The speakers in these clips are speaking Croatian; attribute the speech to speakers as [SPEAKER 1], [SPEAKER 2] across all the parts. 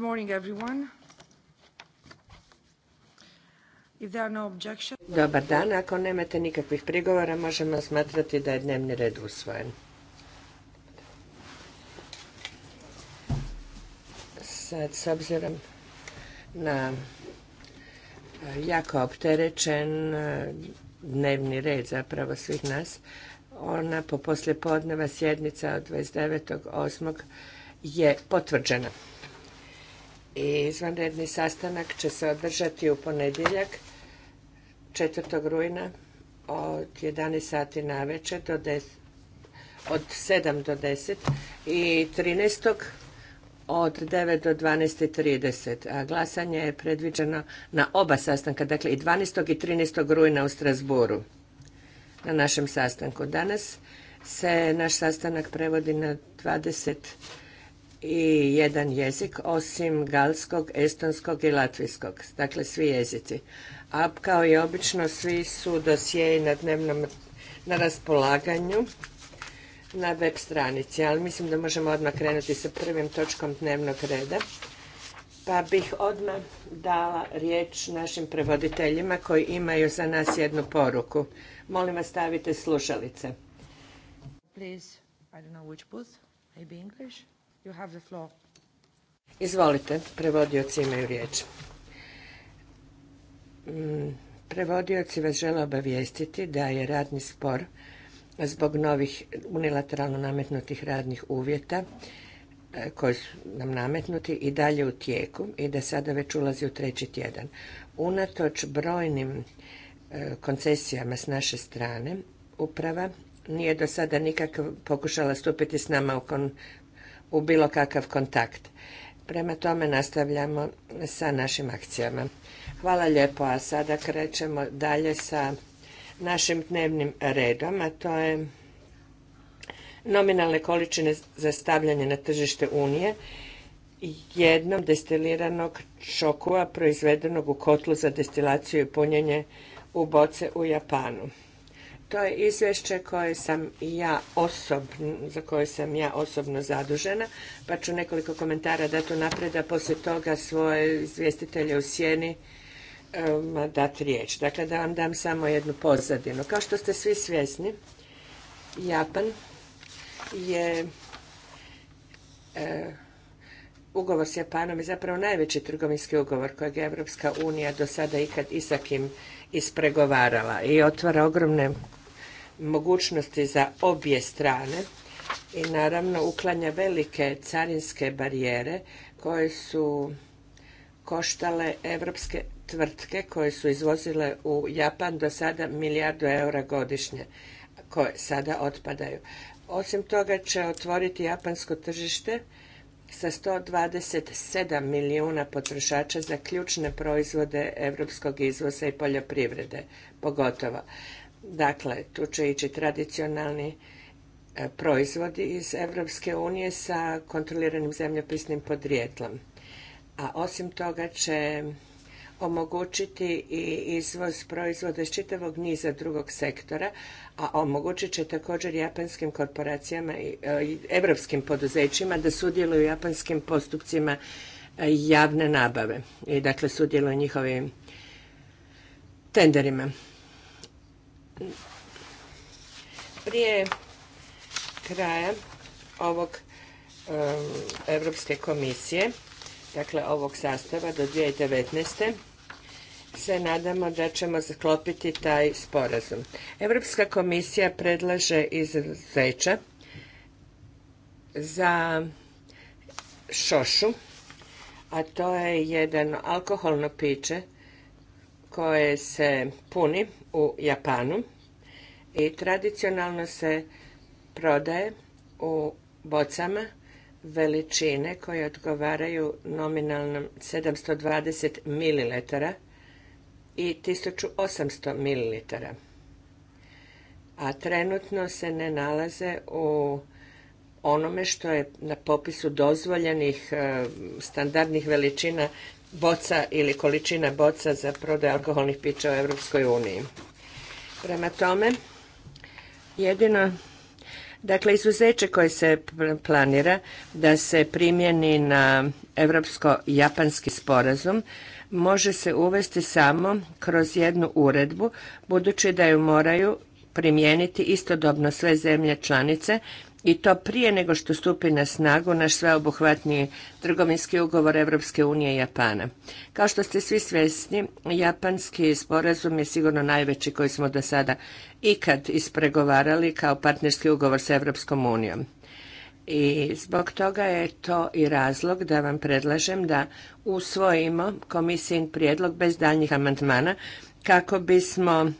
[SPEAKER 1] morning, everyone. Dobar dan, ako nemate nikakvih prigovora možemo smatrati da je dnevni red usvojen. Sad, s obzirom na e, jako opterećen e, dnevni red zapravo svih nas, ona po podneva sjednica od 29.8. je potvrđena i izvanredni sastanak će se održati u ponedjeljak 4. rujna od 11 sati na večer do 10, od 7 do 10 i 13. od 9 do 12.30. A glasanje je predviđeno na oba sastanka, dakle i 12. i 13. rujna u Strasburu na našem sastanku. Danas se naš sastanak prevodi na 20 i jedan jezik osim galskog, estonskog i latvijskog, dakle svi jezici. A kao i obično svi su dosjei na dnevnom na raspolaganju na web stranici, ali mislim da možemo odmah krenuti sa prvim točkom dnevnog reda. Pa bih odmah dala riječ našim prevoditeljima koji imaju za nas jednu poruku. Molim vas stavite slušalice. Please, I don't know which booth, maybe English. You Izvolite, prevodioci imaju riječ. Mm, prevodioci vas žele obavijestiti da je radni spor zbog novih unilateralno nametnutih radnih uvjeta e, koji su nam nametnuti i dalje u tijeku i da sada već ulazi u treći tjedan. Unatoč brojnim e, koncesijama s naše strane, uprava nije do sada nikakav pokušala stupiti s nama u u bilo kakav kontakt. Prema tome nastavljamo sa našim akcijama. Hvala lijepo, a sada krećemo dalje sa našim dnevnim redom, a to je nominalne količine za stavljanje na tržište Unije jednom destiliranog čokua proizvedenog u kotlu za destilaciju i punjenje u boce u Japanu. To je izvješće koje sam ja osobno, za koje sam ja osobno zadužena, pa ću nekoliko komentara dati unaprijed, a poslije toga svoje izvjestitelje u sjeni um, ehm, dati riječ. Dakle, da vam dam samo jednu pozadinu. Kao što ste svi svjesni, Japan je eh, ugovor s Japanom je zapravo najveći trgovinski ugovor kojeg je Evropska unija do sada ikad i sa kim ispregovarala i otvara ogromne mogućnosti za obje strane i naravno uklanja velike carinske barijere koje su koštale evropske tvrtke koje su izvozile u Japan do sada milijardu eura godišnje koje sada otpadaju. Osim toga će otvoriti japansko tržište sa 127 milijuna potrošača za ključne proizvode evropskog izvoza i poljoprivrede, pogotovo. Dakle, tu će ići tradicionalni e, proizvodi iz Europske unije sa kontroliranim zemljopisnim podrijetlom. A osim toga će omogućiti i izvoz proizvoda iz čitavog niza drugog sektora, a omogućit će također japanskim korporacijama i europskim poduzećima da sudjeluju u japanskim postupcima e, javne nabave i dakle sudjeluju njihovim tenderima. Prije kraja ovog Evropske Europske komisije, dakle ovog sastava do 2019 se nadamo da ćemo zaklopiti taj sporazum. Europska komisija predlaže izuzeća za šošu, a to je jedan alkoholno piće koje se puni u Japanu i tradicionalno se prodaje u bocama veličine koje odgovaraju nominalnom 720 ml i 1800 ml. A trenutno se ne nalaze u onome što je na popisu dozvoljenih eh, standardnih veličina boca ili količina boca za prodaj alkoholnih pića u Europskoj uniji. Prema tome, jedino Dakle, izuzeće koje se planira da se primjeni na evropsko-japanski sporazum može se uvesti samo kroz jednu uredbu, budući da ju moraju primijeniti istodobno sve zemlje članice i to prije nego što stupi na snagu naš sveobuhvatniji trgovinski ugovor Europske unije i Japana. Kao što ste svi svjesni, japanski sporazum je sigurno najveći koji smo do sada ikad ispregovarali kao partnerski ugovor sa Europskom unijom. I zbog toga je to i razlog da vam predlažem da usvojimo komisijin prijedlog bez daljnjih amandmana kako bismo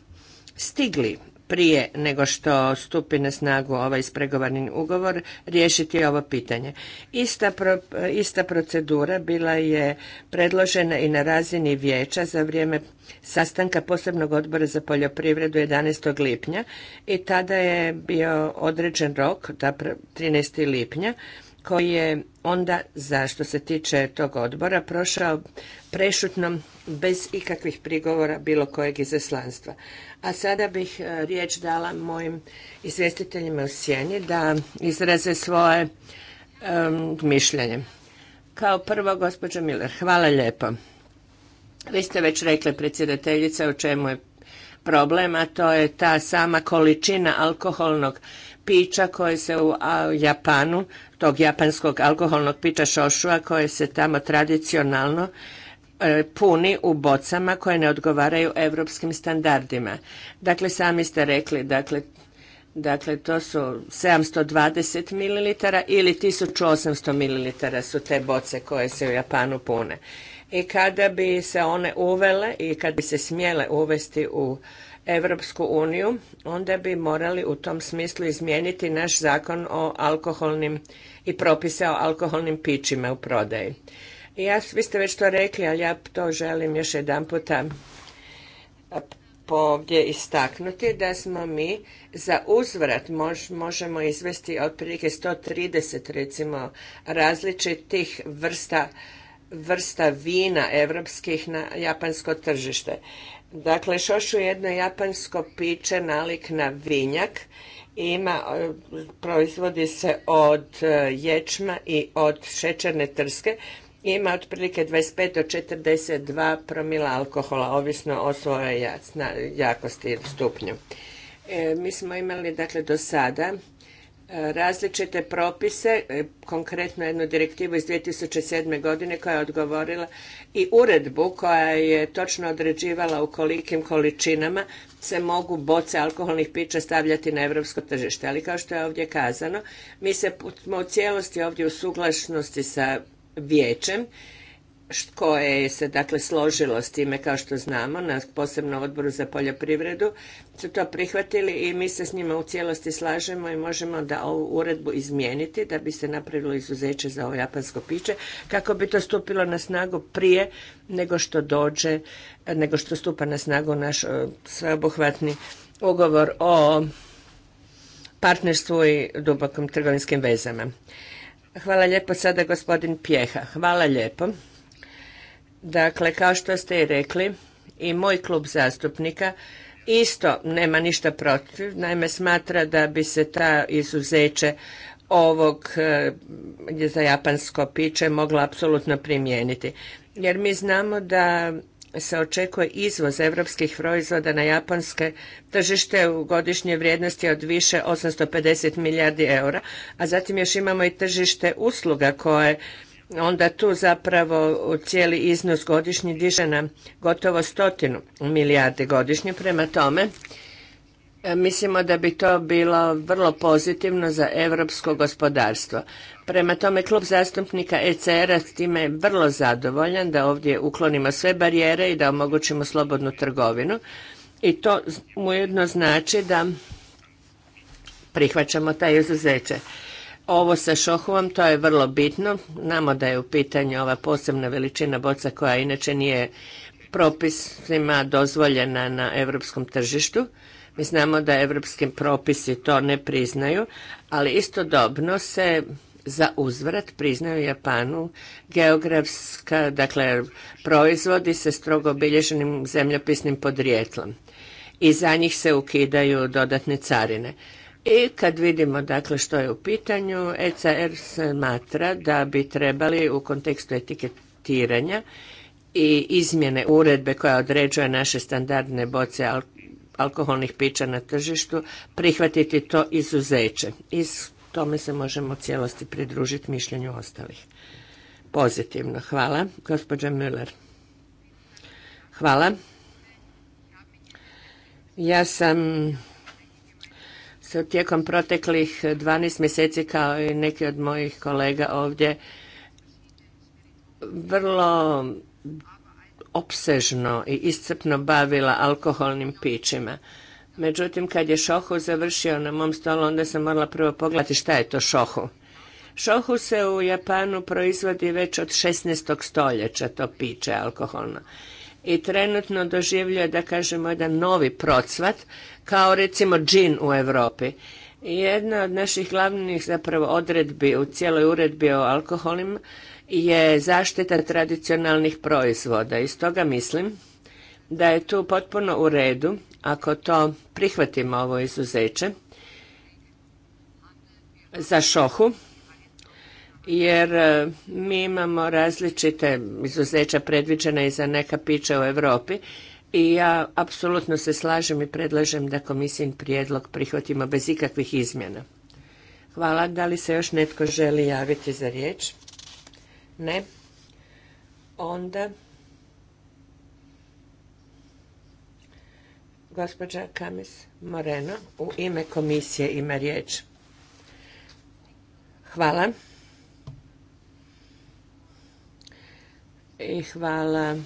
[SPEAKER 1] stigli prije nego što stupi na snagu ovaj ispregovarni ugovor riješiti ovo pitanje. Ista, ista procedura bila je predložena i na razini vijeća za vrijeme sastanka posebnog odbora za poljoprivredu 11. lipnja i tada je bio određen rok, da 13. lipnja, koji je onda, za što se tiče tog odbora, prošao prešutno bez ikakvih prigovora bilo kojeg izaslanstva. A sada bih e, riječ dala mojim izvjestiteljima u sjeni da izraze svoje mišljenje. Kao prvo, gospođo Miller, hvala lijepo. Vi ste već rekli, predsjedateljice o čemu je problem, a to je ta sama količina alkoholnog pića koje se u Japanu, tog japanskog alkoholnog pića šošua koje se tamo tradicionalno E, puni u bocama koje ne odgovaraju europskim standardima. Dakle, sami ste rekli, dakle, dakle to su 720 ml ili 1800 ml su te boce koje se u Japanu pune. I kada bi se one uvele i kad bi se smjele uvesti u Evropsku uniju, onda bi morali u tom smislu izmijeniti naš zakon o alkoholnim i propise o alkoholnim pićima u prodaji. Ja, vi ste već to rekli, ali ja to želim još jedan puta ovdje istaknuti da smo mi za uzvrat možemo izvesti otprilike 130 recimo različitih vrsta vrsta vina evropskih na japansko tržište. Dakle, šošu je jedno japansko piće nalik na vinjak. Ima, e, proizvodi se od e, ječma i od šećerne trske ima otprilike 25 do 42 promila alkohola, ovisno o svojoj jakosti i stupnju. E, mi smo imali dakle do sada e, različite propise, e, konkretno jednu direktivu iz 2007. godine koja je odgovorila i uredbu koja je točno određivala u kolikim količinama se mogu boce alkoholnih pića stavljati na europsko tržište. Ali kao što je ovdje kazano, mi se, smo u cijelosti ovdje u suglasnosti sa vijećem koje se dakle složilo s time kao što znamo na posebnom odboru za poljoprivredu su to prihvatili i mi se s njima u cijelosti slažemo i možemo da ovu uredbu izmijeniti da bi se napravilo izuzeće za ovo japansko piće kako bi to stupilo na snagu prije nego što dođe, nego što stupa na snagu naš e, sveobuhvatni ugovor o partnerstvu i dubokim trgovinskim vezama. Hvala lijepo sada gospodin Pjeha. Hvala lijepo. Dakle, kao što ste i rekli, i moj klub zastupnika isto nema ništa protiv. Naime, smatra da bi se ta izuzeće ovog e, za japansko piće mogla apsolutno primijeniti. Jer mi znamo da se očekuje izvoz europskih proizvoda na japanske tržište u godišnje vrijednosti od više 850 milijardi eura, a zatim još imamo i tržište usluga koje onda tu zapravo cijeli iznos godišnji diže na gotovo stotinu milijardi godišnje. Prema tome, E, mislimo da bi to bilo vrlo pozitivno za europsko gospodarstvo. Prema tome, klub zastupnika ECR-a s time je vrlo zadovoljan da ovdje uklonimo sve barijere i da omogućimo slobodnu trgovinu. I to ujedno znači da prihvaćamo taj izuzeće. Ovo sa šohovom, to je vrlo bitno. Znamo da je u pitanju ova posebna veličina boca koja inače nije propisima dozvoljena na europskom tržištu. Mi znamo da evropski propisi to ne priznaju, ali istodobno se za uzvrat priznaju Japanu geografska, dakle, proizvodi sa strogo obilježenim zemljopisnim podrijetlom. I za njih se ukidaju dodatne carine. I kad vidimo dakle što je u pitanju, ECR smatra da bi trebali u kontekstu etiketiranja i izmjene uredbe koja određuje naše standardne boce alkoholnih pića na tržištu prihvatiti to izuzeće. I tome se možemo cijelosti pridružiti mišljenju ostalih. Pozitivno. Hvala. Gospođa Müller. Hvala. Ja sam se tijekom proteklih 12 mjeseci kao i neki od mojih kolega ovdje vrlo opsežno i iscrpno bavila alkoholnim pićima. Međutim, kad je šohu završio na mom stolu, onda sam morala prvo pogledati šta je to šohu. Šohu se u Japanu proizvodi već od 16. stoljeća, to piće alkoholno. I trenutno doživljuje, da kažemo, jedan novi procvat, kao recimo džin u Europi. Jedna od naših glavnih zapravo odredbi u cijeloj uredbi o alkoholima je zaštita tradicionalnih proizvoda i stoga mislim da je tu potpuno u redu ako to prihvatimo ovo izuzeće za šohu jer e, mi imamo različite izuzeća predviđena i za neka pića u Europi i ja apsolutno se slažem i predlažem da komisijin prijedlog prihvatimo bez ikakvih izmjena. Hvala. Da li se još netko želi javiti za riječ? Ne. Onda... Gospođa Kamis Moreno u ime komisije ima riječ. Hvala. I hvala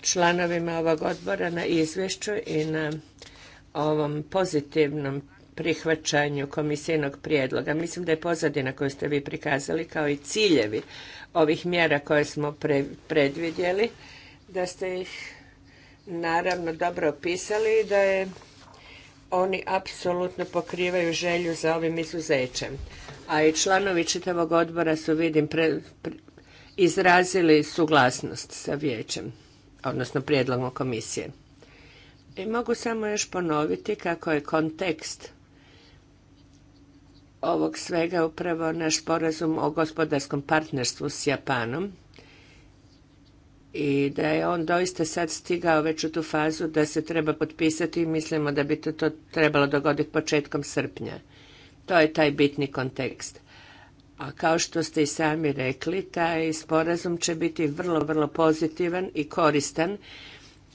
[SPEAKER 1] članovima ovog odbora na izvješću i na ovom pozitivnom prihvaćanju komisijenog prijedloga. Mislim da je pozadina koju ste vi prikazali kao i ciljevi ovih mjera koje smo predvidjeli, da ste ih naravno dobro opisali i da je oni apsolutno pokrivaju želju za ovim izuzećem. A i članovi čitavog odbora su, vidim, izrazili suglasnost sa vijećem, odnosno prijedlogom komisije. I mogu samo još ponoviti kako je kontekst ovog svega upravo naš sporazum o gospodarskom partnerstvu s Japanom i da je on doista sad stigao već u tu fazu da se treba potpisati i mislimo da bi to, to trebalo dogoditi početkom srpnja. To je taj bitni kontekst. A kao što ste i sami rekli, taj sporazum će biti vrlo, vrlo pozitivan i koristan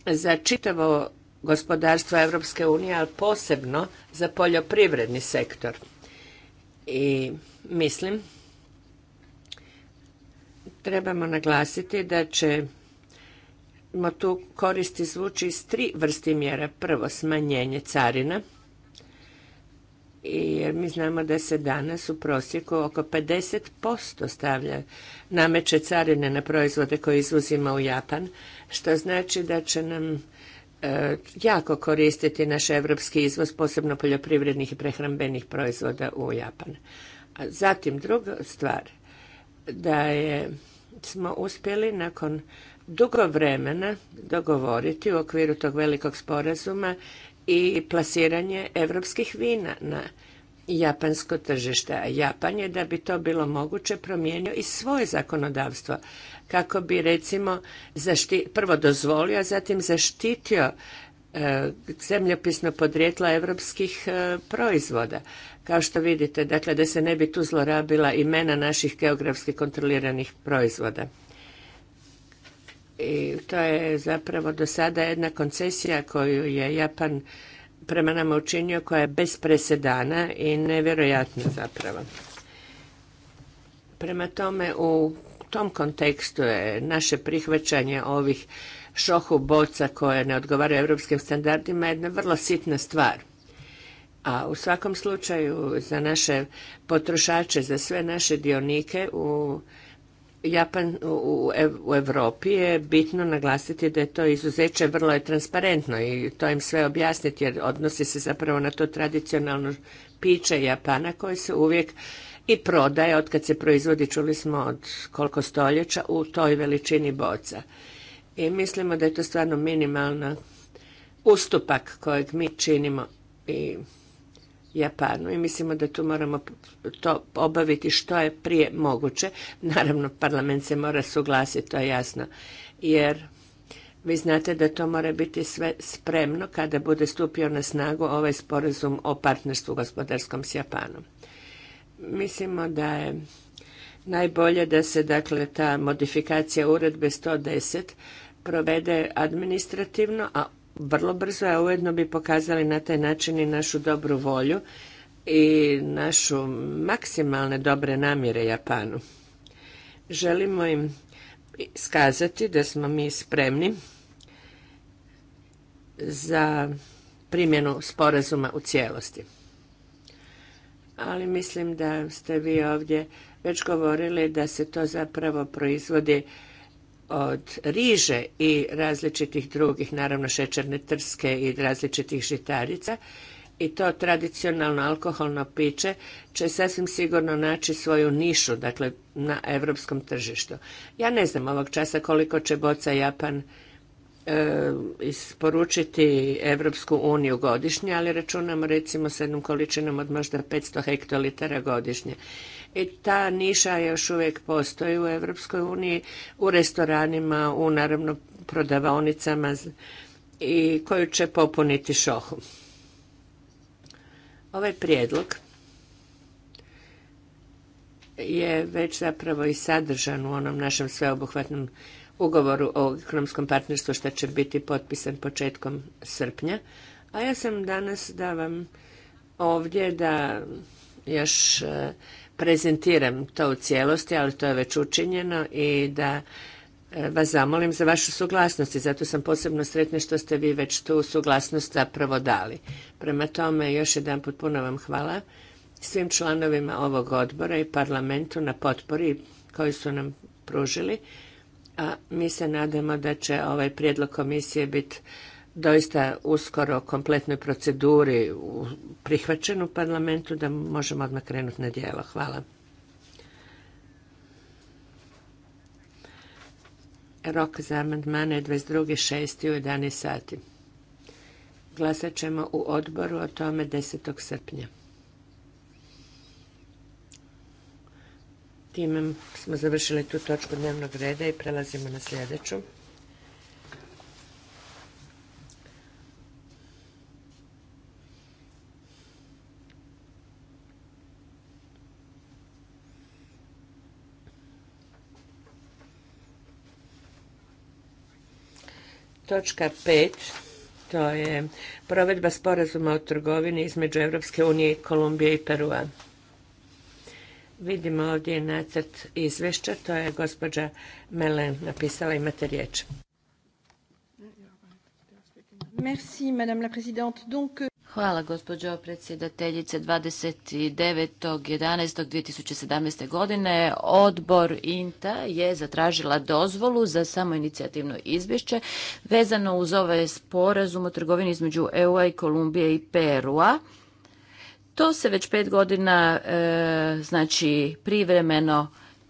[SPEAKER 1] za čitavo gospodarstvo Europske unije, ali posebno za poljoprivredni sektor. I mislim, trebamo naglasiti da će tu koristi zvuči iz tri vrsti mjera. Prvo, smanjenje carina, jer mi znamo da se danas u prosjeku oko 50% stavlja nameće carine na proizvode koje izvozimo u Japan, što znači da će nam E, jako koristiti naš evropski izvoz, posebno poljoprivrednih i prehrambenih proizvoda u Japan. zatim druga stvar, da je, smo uspjeli nakon dugo vremena dogovoriti u okviru tog velikog sporazuma i plasiranje evropskih vina na japansko tržište. A Japan je, da bi to bilo moguće, promijenio i svoje zakonodavstvo kako bi, recimo, zašti, prvo dozvolio, a zatim zaštitio e, zemljopisno podrijetla evropskih e, proizvoda. Kao što vidite, dakle, da se ne bi tu zlorabila imena naših geografski kontroliranih proizvoda. I to je zapravo do sada jedna koncesija koju je Japan prema nama učinio koja je bez presedana i nevjerojatna zapravo. Prema tome, u tom kontekstu je naše prihvaćanje ovih šohu boca koje ne odgovaraju europskim standardima jedna vrlo sitna stvar. A u svakom slučaju za naše potrošače, za sve naše dionike u Japan u, u Europi je bitno naglasiti da je to izuzeće vrlo je transparentno i to im sve objasniti jer odnosi se zapravo na to tradicionalno piće Japana koje se uvijek i prodaje od kad se proizvodi, čuli smo od koliko stoljeća, u toj veličini boca. I mislimo da je to stvarno minimalna ustupak kojeg mi činimo i Japanu i mislimo da tu moramo to obaviti što je prije moguće. Naravno, parlament se mora suglasiti, to je jasno, jer vi znate da to mora biti sve spremno kada bude stupio na snagu ovaj sporazum o partnerstvu gospodarskom s Japanom. Mislimo da je najbolje da se dakle ta modifikacija uredbe 110 provede administrativno, a vrlo brzo, a ujedno bi pokazali na taj način i našu dobru volju i našu maksimalne dobre namjere Japanu. Želimo im skazati da smo mi spremni za primjenu sporazuma u cijelosti. Ali mislim da ste vi ovdje već govorili da se to zapravo proizvodi od riže i različitih drugih, naravno šećerne trske i različitih žitarica i to tradicionalno alkoholno piće će sasvim sigurno naći svoju nišu, dakle na europskom tržištu. Ja ne znam ovog časa koliko će boca Japan e, isporučiti Evropsku uniju godišnje, ali računamo recimo s jednom količinom od možda 500 hektolitara godišnje i ta niša još uvijek postoji u Europskoj uniji u restoranima, u naravno prodavaonicama i koju će popuniti šohu. Ovaj prijedlog je već zapravo i sadržan u onom našem sveobuhvatnom ugovoru o ekonomskom partnerstvu što će biti potpisan početkom srpnja. A ja sam danas da vam ovdje da još prezentiram to u cijelosti, ali to je već učinjeno i da e, vas zamolim za vašu suglasnost i zato sam posebno sretna što ste vi već tu suglasnost zapravo dali. Prema tome, još jedan put puno vam hvala svim članovima ovog odbora i parlamentu na potpori koju su nam pružili, a mi se nadamo da će ovaj prijedlog komisije biti doista uskoro kompletnoj proceduri prihvaćen u parlamentu da možemo odmah krenuti na djelo. Hvala. Rok za amandmane je 22.6. u 11 sati. Glasat ćemo u odboru o tome 10. srpnja. Time smo završili tu točku dnevnog reda i prelazimo na sljedeću. Točka 5. To je provedba sporazuma o trgovini između Europske unije, Kolumbije i Perua. Vidimo ovdje nacrt izvješća, to je gospođa Melen napisala, imate riječ. Merci, madame la présidente.
[SPEAKER 2] Hvala gospođo predsjedateljice. 29.11.2017. godine odbor INTA je zatražila dozvolu za samoinicijativno izvješće vezano uz ovaj sporazum o trgovini između eu i Kolumbije i Perua. To se već pet godina e, znači privremeno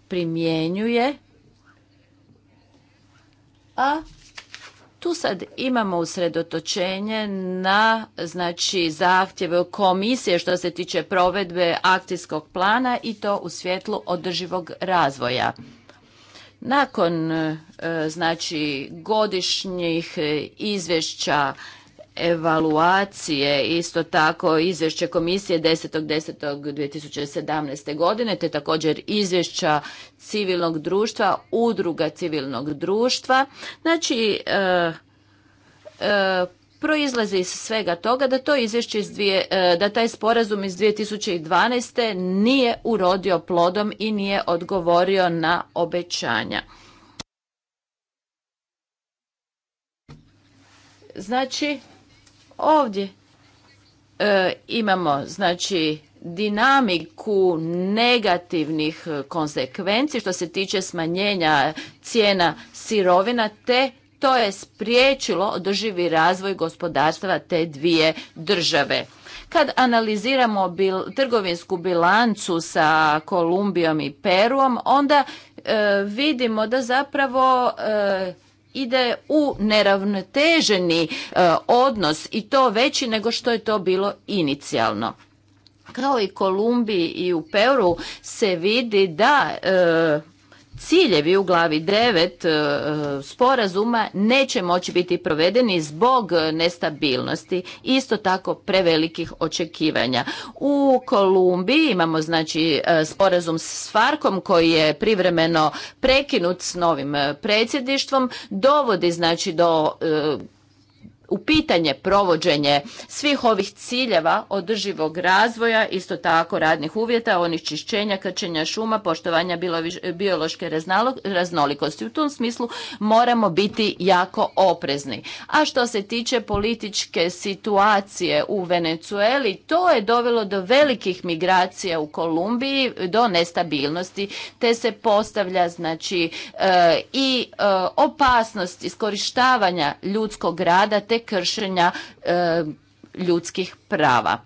[SPEAKER 2] primjenjuje, a tu sad imamo usredotočenje na znači zahtjeve komisije što se tiče provedbe akcijskog plana i to u svjetlu održivog razvoja. Nakon e, znači godišnjih e, izvješća evaluacije, isto tako izvješće komisije 10.10.2017. godine, te također izvješća civilnog društva, udruga civilnog društva. Znači, e, e proizlazi iz svega toga da to izvješće e, da taj sporazum iz 2012. nije urodio plodom i nije odgovorio na obećanja. Znači, Ovdje e, imamo znači dinamiku negativnih konsekvenci što se tiče smanjenja cijena sirovina te to je spriječilo održivi razvoj gospodarstva te dvije države. Kad analiziramo bil, trgovinsku bilancu sa Kolumbijom i Peruom, onda e, vidimo da zapravo e, ide u neravnoteženi e, odnos i to veći nego što je to bilo inicijalno kao i Kolumbiji i u Peru se vidi da e, ciljevi u glavi 9 e, e, sporazuma neće moći biti provedeni zbog nestabilnosti isto tako prevelikih očekivanja. U Kolumbiji imamo znači e, sporazum s Farkom koji je privremeno prekinut s novim predsjedništvom dovodi znači do u pitanje provođenje svih ovih ciljeva održivog razvoja, isto tako radnih uvjeta, onečišćenja, krčenja šuma, poštovanja biološke raznolikosti. U tom smislu moramo biti jako oprezni. A što se tiče političke situacije u Venecueli, to je dovelo do velikih migracija u Kolumbiji, do nestabilnosti, te se postavlja znači e, i e, opasnost iskorištavanja ljudskog rada te kršenja e, ljudskih prava.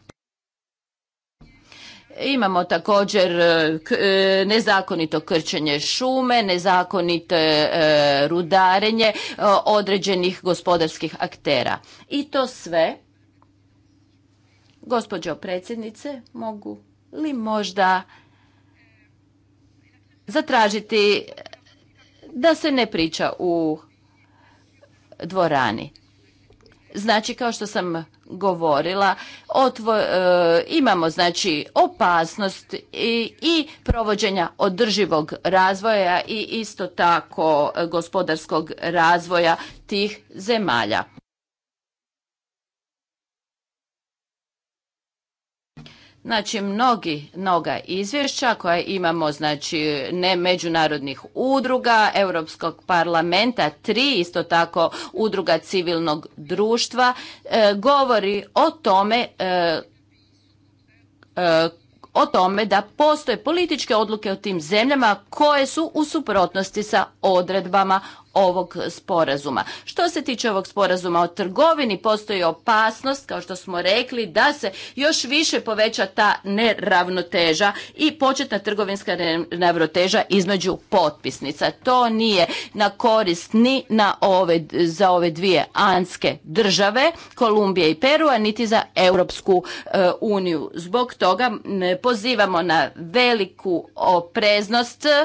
[SPEAKER 2] Imamo također e, e, nezakonito krčenje šume, nezakonito rudarenje određenih gospodarskih aktera. I to sve, gospođo predsjednice, mogu li možda zatražiti da se ne priča u dvorani. Znači, kao što sam govorila, otvo, e, imamo znači opasnost i, i provođenja održivog razvoja i isto tako e, gospodarskog razvoja tih zemalja. Znači, mnogi, mnoga izvješća koja imamo, znači, ne međunarodnih udruga, Europskog parlamenta, tri isto tako udruga civilnog društva, e, govori o tome e, e, o tome da postoje političke odluke o tim zemljama koje su u suprotnosti sa odredbama ovog sporazuma. Što se tiče ovog sporazuma o trgovini, postoji opasnost, kao što smo rekli, da se još više poveća ta neravnoteža i početna trgovinska neravnoteža između potpisnica. To nije na korist ni na ove, za ove dvije anske države, Kolumbije i Perua, niti za Europsku e, uniju. Zbog toga pozivamo na veliku opreznost e,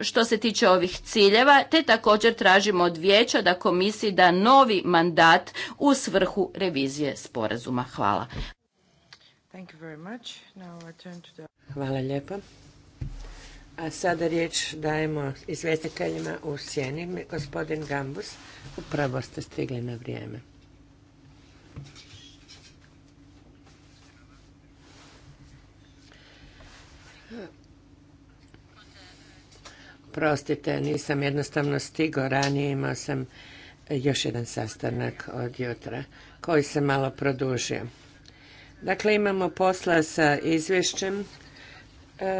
[SPEAKER 2] što se tiče ovih ciljeva, te također tražimo od vijeća da komisiji da novi mandat
[SPEAKER 1] u svrhu revizije sporazuma. Hvala. Hvala lijepo. A sada riječ dajemo izvjetiteljima u sjeni. Gospodin Gambus, upravo ste stigli na vrijeme. Prostite, nisam jednostavno stigao ranije, imao sam još jedan sastanak od jutra koji se malo produžio. Dakle, imamo posla sa izvješćem e,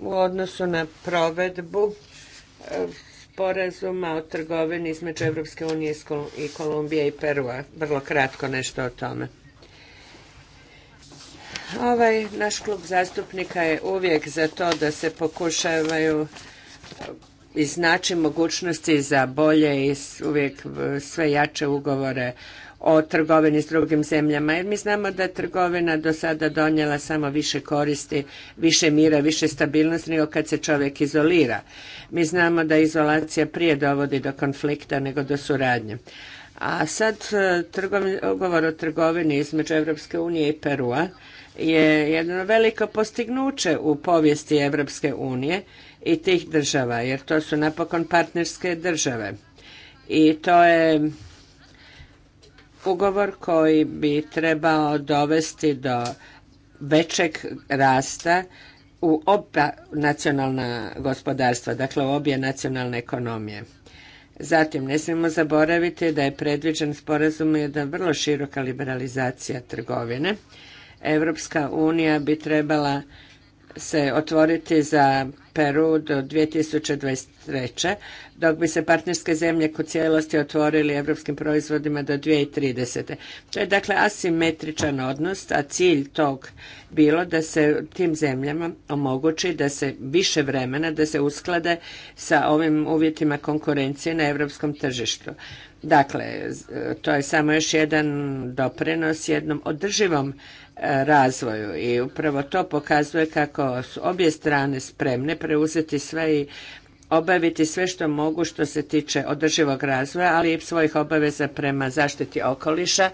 [SPEAKER 1] u odnosu na provedbu e, sporazuma o trgovini između Europske unije i Kolumbije i Perua. Vrlo kratko nešto o tome. Ovaj naš klub zastupnika je uvijek za to da se pokušavaju iznaći mogućnosti za bolje i uvijek sve jače ugovore o trgovini s drugim zemljama. Jer mi znamo da je trgovina do sada donijela samo više koristi, više mira, više stabilnosti nego kad se čovjek izolira. Mi znamo da izolacija prije dovodi do konflikta nego do suradnje. A sad e, ugovor o trgovini između Europske unije i Perua je jedno veliko postignuće u povijesti Europske unije i tih država, jer to su napokon partnerske države. I to je ugovor koji bi trebao dovesti do većeg rasta u oba nacionalna gospodarstva, dakle u obje nacionalne ekonomije. Zatim, ne smijemo zaboraviti da je predviđen sporazum jedna vrlo široka liberalizacija trgovine. Evropska unija bi trebala se otvoriti za Peru do 2023. dok bi se partnerske zemlje u cijelosti otvorili evropskim proizvodima do 2030. To je dakle asimetričan odnos, a cilj tog bilo da se tim zemljama omogući da se više vremena, da se usklade sa ovim uvjetima konkurencije na evropskom tržištu. Dakle, to je samo još jedan doprinos jednom održivom razvoju i upravo to pokazuje kako su obje strane spremne preuzeti sve i obaviti sve što mogu što se tiče održivog razvoja, ali i svojih obaveza prema zaštiti okoliša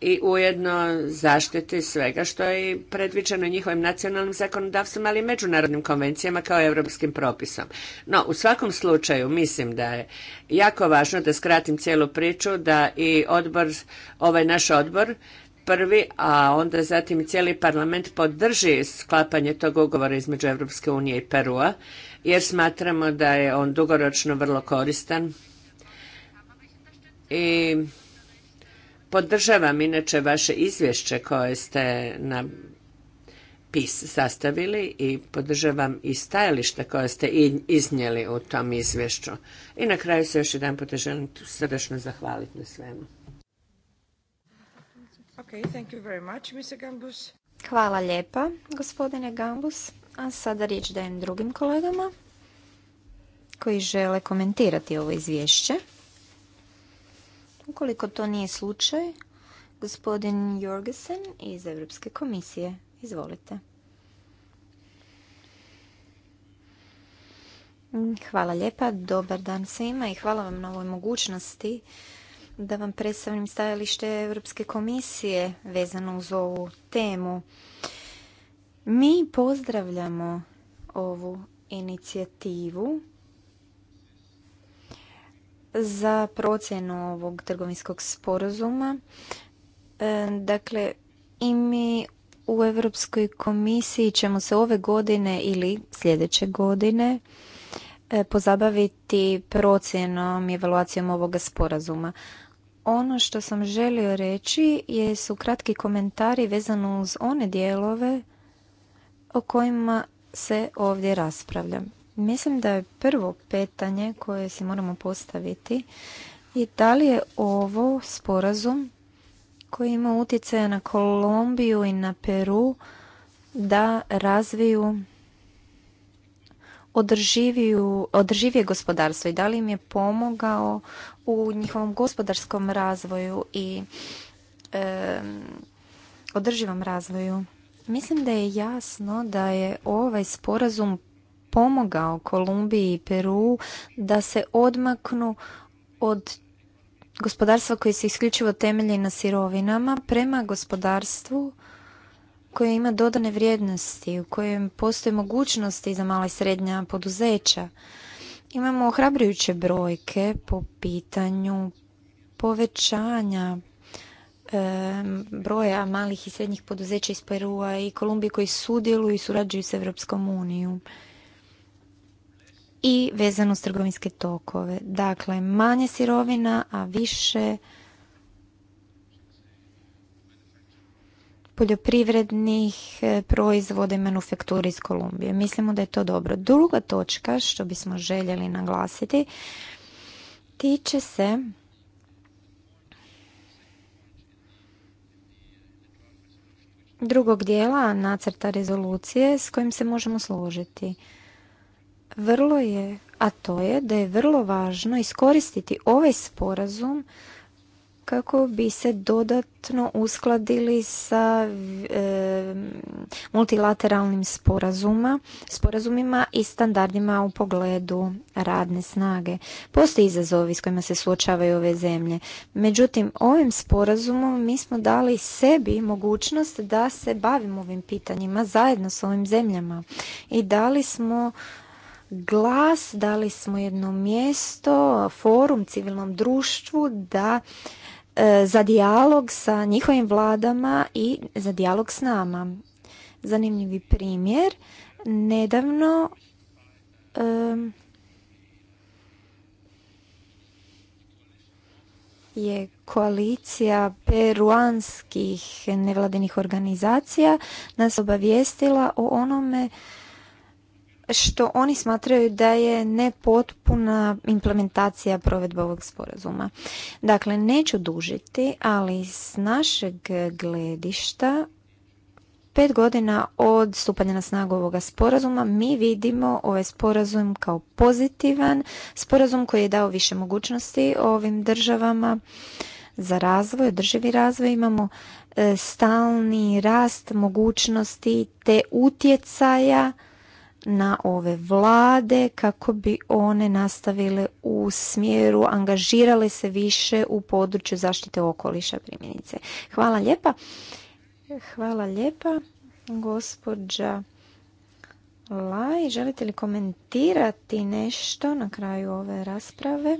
[SPEAKER 1] i ujedno zaštiti svega što je predviđeno njihovim nacionalnim zakonodavstvom, ali i međunarodnim konvencijama kao i europskim propisom. No, u svakom slučaju mislim da je jako važno da skratim cijelu priču, da i odbor, ovaj naš odbor prvi, a onda zatim i cijeli parlament podrži sklapanje tog ugovora između Europske unije i Perua, jer smatramo da je on dugoročno vrlo koristan. I podržavam inače vaše izvješće koje ste na PIS sastavili i podržavam i stajališta koje ste iznijeli u tom izvješću. I na kraju se još jedan želim srdečno zahvaliti na svemu. Gambus.
[SPEAKER 3] Hvala lijepa, gospodine Gambus. A sada riječ dajem drugim kolegama koji žele komentirati ovo izvješće. Ukoliko to nije slučaj, gospodin Jorgensen iz Europske komisije. Izvolite. Hvala lijepa, dobar dan svima i hvala vam na ovoj mogućnosti da vam predstavim stajalište Europske komisije vezano uz ovu temu. Mi pozdravljamo ovu inicijativu za procjenu ovog trgovinskog sporazuma. E, dakle, i mi u Europskoj komisiji ćemo se ove godine ili sljedeće godine e, pozabaviti procjenom i evaluacijom ovoga sporazuma. Ono što sam želio reći je su kratki komentari vezano uz one dijelove o kojima se ovdje raspravlja. Mislim da je prvo pitanje koje si moramo postaviti i da li je ovo sporazum koji ima utjecaja na Kolombiju i na Peru da razviju održivije gospodarstvo i da li im je pomogao u njihovom gospodarskom razvoju i održivom razvoju. Mislim da je jasno da je ovaj sporazum pomogao Kolumbiji i Peru da se odmaknu od gospodarstva koje se isključivo temelji na sirovinama prema gospodarstvu koja ima dodane vrijednosti, u kojem postoje mogućnosti za mala i srednja poduzeća. Imamo ohrabrujuće brojke po pitanju povećanja e, broja malih i srednjih poduzeća iz Perua i Kolumbije koji sudjeluju i surađuju s Europskom unijom i vezano s trgovinske tokove. Dakle, manje sirovina, a više poljoprivrednih e, proizvoda i manufakturi iz Kolumbije. Mislimo da je to dobro. Druga točka što bismo željeli naglasiti tiče se drugog dijela nacrta rezolucije s kojim se možemo složiti. Vrlo je, a to je da je vrlo važno iskoristiti ovaj sporazum kako bi se dodatno uskladili sa e, multilateralnim sporazuma, sporazumima i standardima u pogledu radne snage. Postoje izazovi s kojima se suočavaju ove zemlje. Međutim, ovim sporazumom mi smo dali sebi mogućnost da se bavimo ovim pitanjima zajedno s ovim zemljama i dali smo glas, dali smo jedno mjesto, forum civilnom društvu da E, za dijalog sa njihovim vladama i za dijalog s nama. Zanimljivi primjer, nedavno je koalicija peruanskih nevladinih organizacija nas obavijestila o onome što oni smatraju da je nepotpuna implementacija provedbe ovog sporazuma. Dakle, neću dužiti, ali s našeg gledišta pet godina od stupanja na snagu ovoga sporazuma mi vidimo ovaj sporazum kao pozitivan, sporazum koji je dao više mogućnosti ovim državama za razvoj, održivi razvoj. Imamo e, stalni rast mogućnosti te utjecaja na ove vlade kako bi one nastavile u smjeru, angažirale se više u području zaštite okoliša primjenice. Hvala lijepa. Hvala lijepa, gospođa Laj. Želite li komentirati nešto na kraju ove rasprave?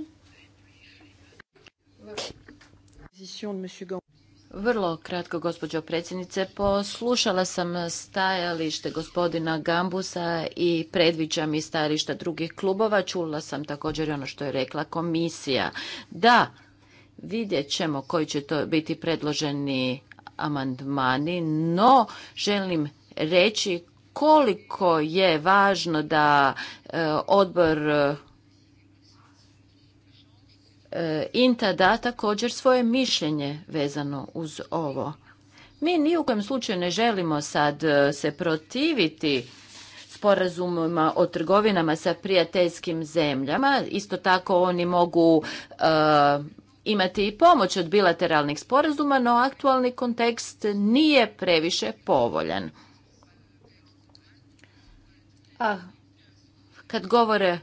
[SPEAKER 2] Vrlo kratko, gospođo predsjednice, poslušala sam stajalište gospodina Gambusa i predviđam i stajališta drugih klubova. Čula sam također ono što je rekla komisija. Da, vidjet ćemo koji će to biti predloženi amandmani, no želim reći koliko je važno da e, odbor E, INTA da također svoje mišljenje vezano uz ovo. Mi ni u kojem slučaju ne želimo sad e, se protiviti sporazumima o trgovinama sa prijateljskim zemljama. Isto tako oni mogu e, imati i pomoć od bilateralnih sporazuma, no aktualni kontekst nije previše povoljan. A kad govore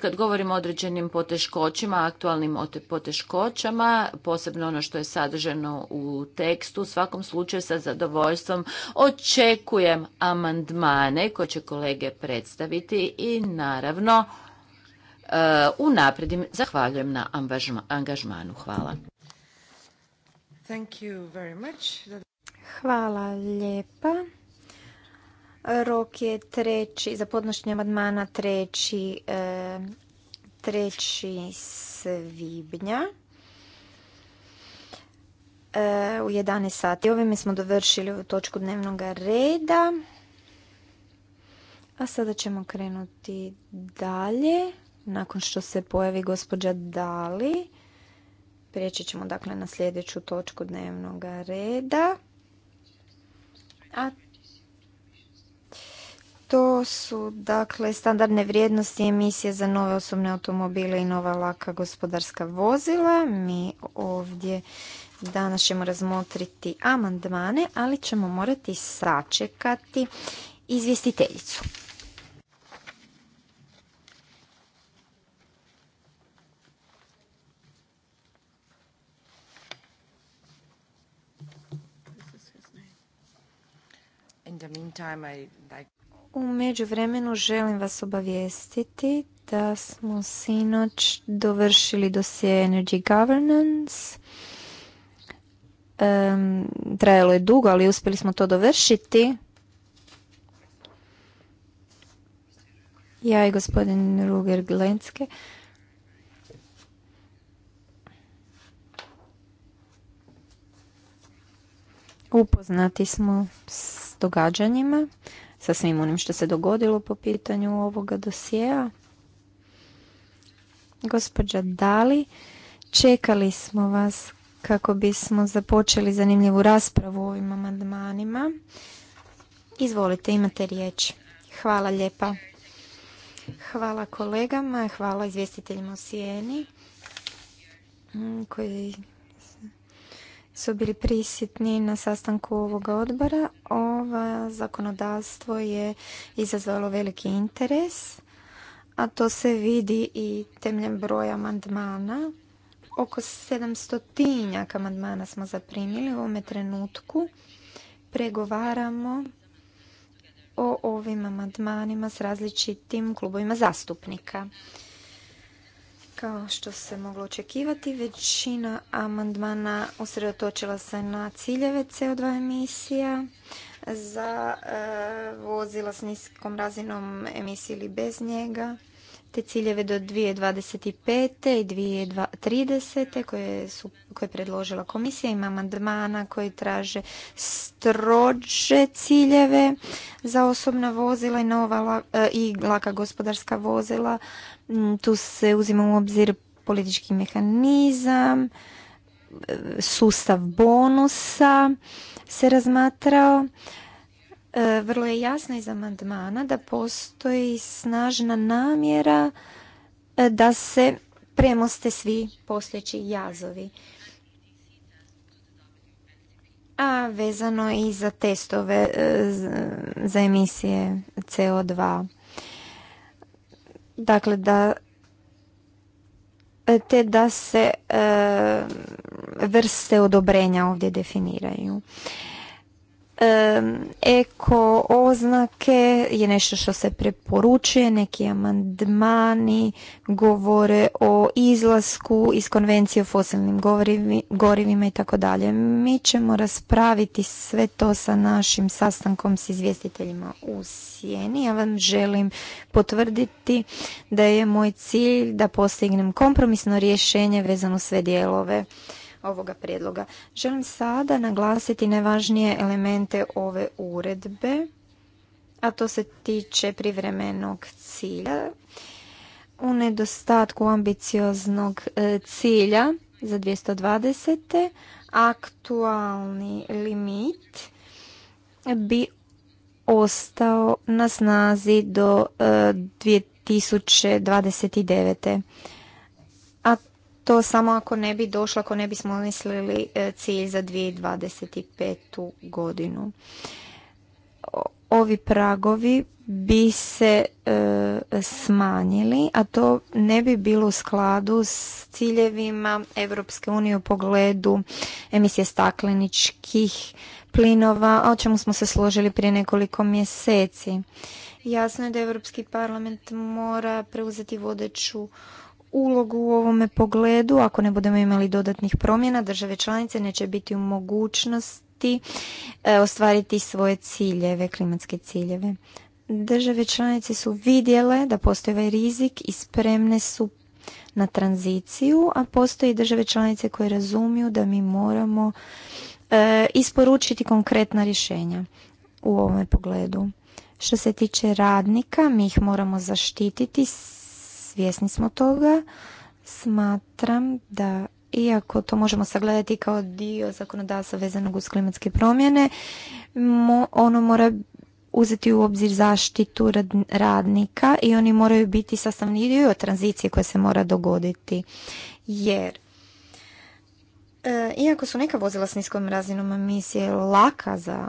[SPEAKER 2] kad govorimo o određenim poteškoćima, aktualnim poteškoćama, posebno ono što je sadrženo u tekstu, u svakom slučaju sa zadovoljstvom očekujem amandmane koje će kolege predstaviti i naravno uh, unapredim. Zahvaljujem na angažmanu. Hvala.
[SPEAKER 3] Hvala lijepa. Rok je treći, za podnošnje amandmana treći, e, treći svibnja e, u 11 sati. Ovime smo dovršili ovu točku dnevnog reda. A sada ćemo krenuti dalje. Nakon što se pojavi gospođa Dali, prijeći ćemo dakle na sljedeću točku dnevnog reda. A to su dakle standardne vrijednosti emisije za nove osobne automobile i nova laka gospodarska vozila. Mi ovdje danas ćemo razmotriti amandmane, ali ćemo morati sačekati izvjestiteljicu. In the
[SPEAKER 1] meantime, I
[SPEAKER 3] u međuvremenu želim vas obavijestiti da smo sinoć dovršili dosje Energy Governance. trajalo je dugo, ali uspjeli smo to dovršiti. Ja i gospodin Ruger Glenske. Upoznati smo s događanjima sa svim onim što se dogodilo po pitanju ovoga dosjea. Gospođa Dali, čekali smo vas kako bismo započeli zanimljivu raspravu o ovim amandmanima. Izvolite, imate riječ. Hvala lijepa. Hvala kolegama, hvala izvjestiteljima u Sijeni koji su bili prisjetni na sastanku ovoga odbora. Ova zakonodavstvo je izazvalo veliki interes, a to se vidi i temeljem broja amandmana. Oko 700 amandmana smo zaprimili u ovome trenutku. Pregovaramo o ovim amandmanima s različitim klubovima zastupnika. Kao što se moglo očekivati, većina amandmana usredotočila se na ciljeve CO2 emisija za e, vozila s niskom razinom emisije ili bez njega, te ciljeve do 2025. i 2030. koje, su, koje je predložila komisija. Ima amandmana koji traže strože ciljeve za osobna vozila i e, laka gospodarska vozila Mm, tu se uzima u obzir politički mehanizam, e, sustav bonusa se razmatrao. E, vrlo je jasno iz amandmana da postoji snažna namjera e, da se premoste svi postojeći jazovi. A vezano i za testove za emisije CO2. Dakle, da e, te da se e, vrste odobrenja ovdje definiraju eko oznake je nešto što se preporučuje, neki amandmani govore o izlasku iz konvencije o fosilnim gorivima i tako dalje. Mi ćemo raspraviti sve to sa našim sastankom s izvjestiteljima u Sjeni. Ja vam želim potvrditi da je moj cilj da postignem kompromisno rješenje vezano sve dijelove ovoga prijedloga. Želim sada naglasiti najvažnije elemente ove uredbe, a to se tiče privremenog cilja. U nedostatku ambicioznog e, cilja za 220. aktualni limit bi ostao na snazi do 2029. E, to samo ako ne bi došlo, ako ne bismo mislili e, cilj za 2025. godinu. Ovi pragovi bi se e, smanjili, a to ne bi bilo u skladu s ciljevima Europske unije u pogledu emisije stakleničkih plinova, o čemu smo se složili prije nekoliko mjeseci. Jasno je da Europski parlament mora preuzeti vodeću ulogu u ovome pogledu. Ako ne budemo imali dodatnih promjena, države članice neće biti u mogućnosti e, ostvariti svoje ciljeve, klimatske ciljeve. Države članice su vidjele da postoji ovaj rizik i spremne su na tranziciju, a postoji države članice koje razumiju da mi moramo e, isporučiti konkretna rješenja u ovome pogledu. Što se tiče radnika, mi ih moramo zaštititi svjesni smo toga. Smatram da iako to možemo sagledati kao dio zakonodavstva vezanog uz klimatske promjene, ono mora uzeti u obzir zaštitu radnika i oni moraju biti sastavni dio tranzicije koja se mora dogoditi. Jer E, iako su neka vozila s niskom razinom emisije laka za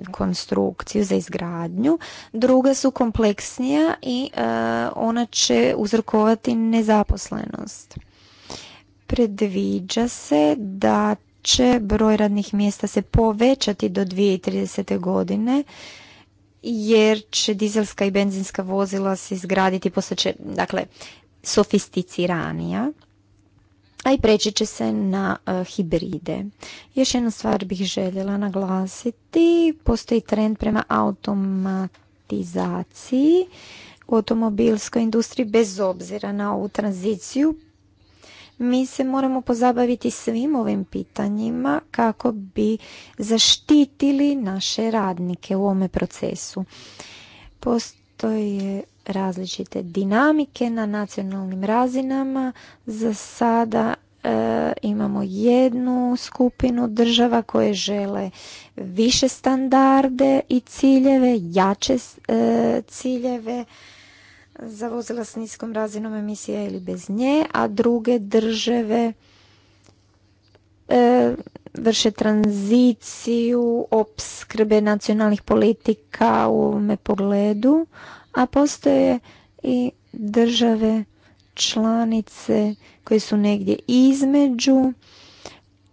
[SPEAKER 3] e, konstrukciju, za izgradnju, druga su kompleksnija i e, ona će uzrokovati nezaposlenost. Predviđa se da će broj radnih mjesta se povećati do 2030. godine jer će dizelska i benzinska vozila se izgraditi, dakle, sofisticiranija a i preći će se na e, hibride. Još jednu stvar bih željela naglasiti. Postoji trend prema automatizaciji u automobilskoj industriji bez obzira na ovu tranziciju. Mi se moramo pozabaviti svim ovim pitanjima kako bi zaštitili naše radnike u ovome procesu. Postoje različite dinamike na nacionalnim razinama. Za sada e, imamo jednu skupinu država koje žele više standarde i ciljeve, jače e, ciljeve za vozila s niskom razinom emisije ili bez nje, a druge države e, vrše tranziciju opskrbe nacionalnih politika u ovome pogledu, a postoje i države članice koje su negdje između.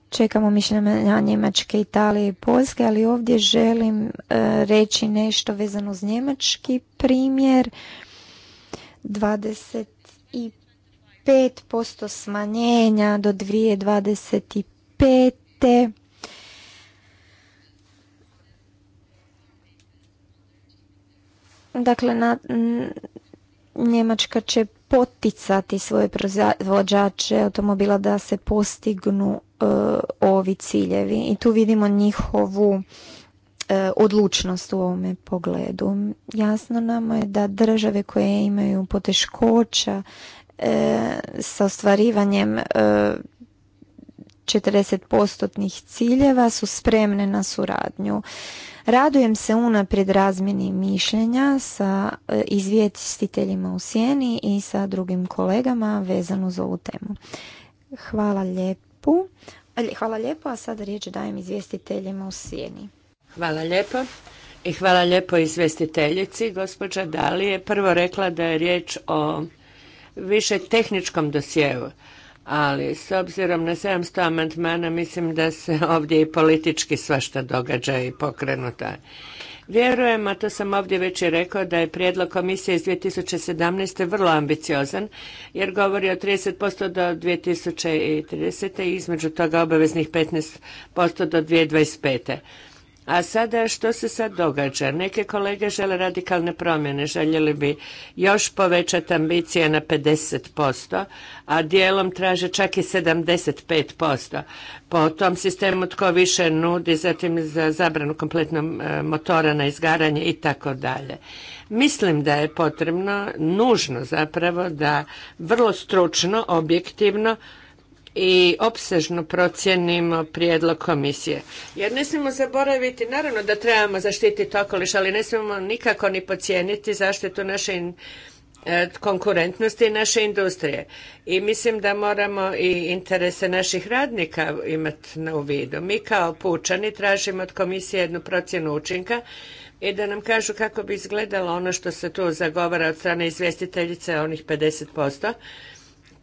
[SPEAKER 3] Čekamo mišljenja Njemačke, Italije i Poljske, ali ovdje želim e, reći nešto vezano uz njemački primjer. 25% smanjenja do 2025. Dakle, na, Njemačka će poticati svoje proizvođače automobila da se postignu e, ovi ciljevi i tu vidimo njihovu e, odlučnost u ovome pogledu. Jasno nam je da države koje imaju poteškoća e, sa ostvarivanjem 40-postotnih ciljeva su spremne na suradnju. Radujem se unaprijed razmjeni mišljenja sa e, izvjestiteljima u sjeni i sa drugim kolegama vezano za ovu temu. Hvala lijepo. Hvala lijepo, a sada riječ dajem izvjestiteljima u sjeni. Hvala lijepo. I hvala lijepo
[SPEAKER 1] izvjestiteljici. Gospođa Dali je prvo rekla da je riječ o više tehničkom dosjevu ali s obzirom na 700 amandmana mislim da se ovdje i politički svašta događa i pokrenuta. Vjerujem, a to sam ovdje već i rekao, da je prijedlog komisije iz 2017. vrlo ambiciozan, jer govori o 30% do 2030. i između toga obaveznih 15% do 2025. A sada što se sad događa? Neke kolege žele radikalne promjene, željeli bi još povećati ambicije na 50%, a dijelom traže čak i 75%. Po tom sistemu tko više nudi, zatim za zabranu kompletno e, motora na izgaranje i tako dalje. Mislim da je potrebno, nužno zapravo, da vrlo stručno, objektivno i opsežno procijenimo prijedlog komisije. Jer ne smijemo zaboraviti, naravno da trebamo zaštititi okoliš, ali ne smijemo nikako ni pocijeniti zaštitu naše e, konkurentnosti i naše industrije. I mislim da moramo i interese naših radnika imati na uvidu. Mi kao pučani tražimo od komisije jednu procjenu učinka i da nam kažu kako bi izgledalo ono što se tu zagovara od strane izvjestiteljice, onih 50%,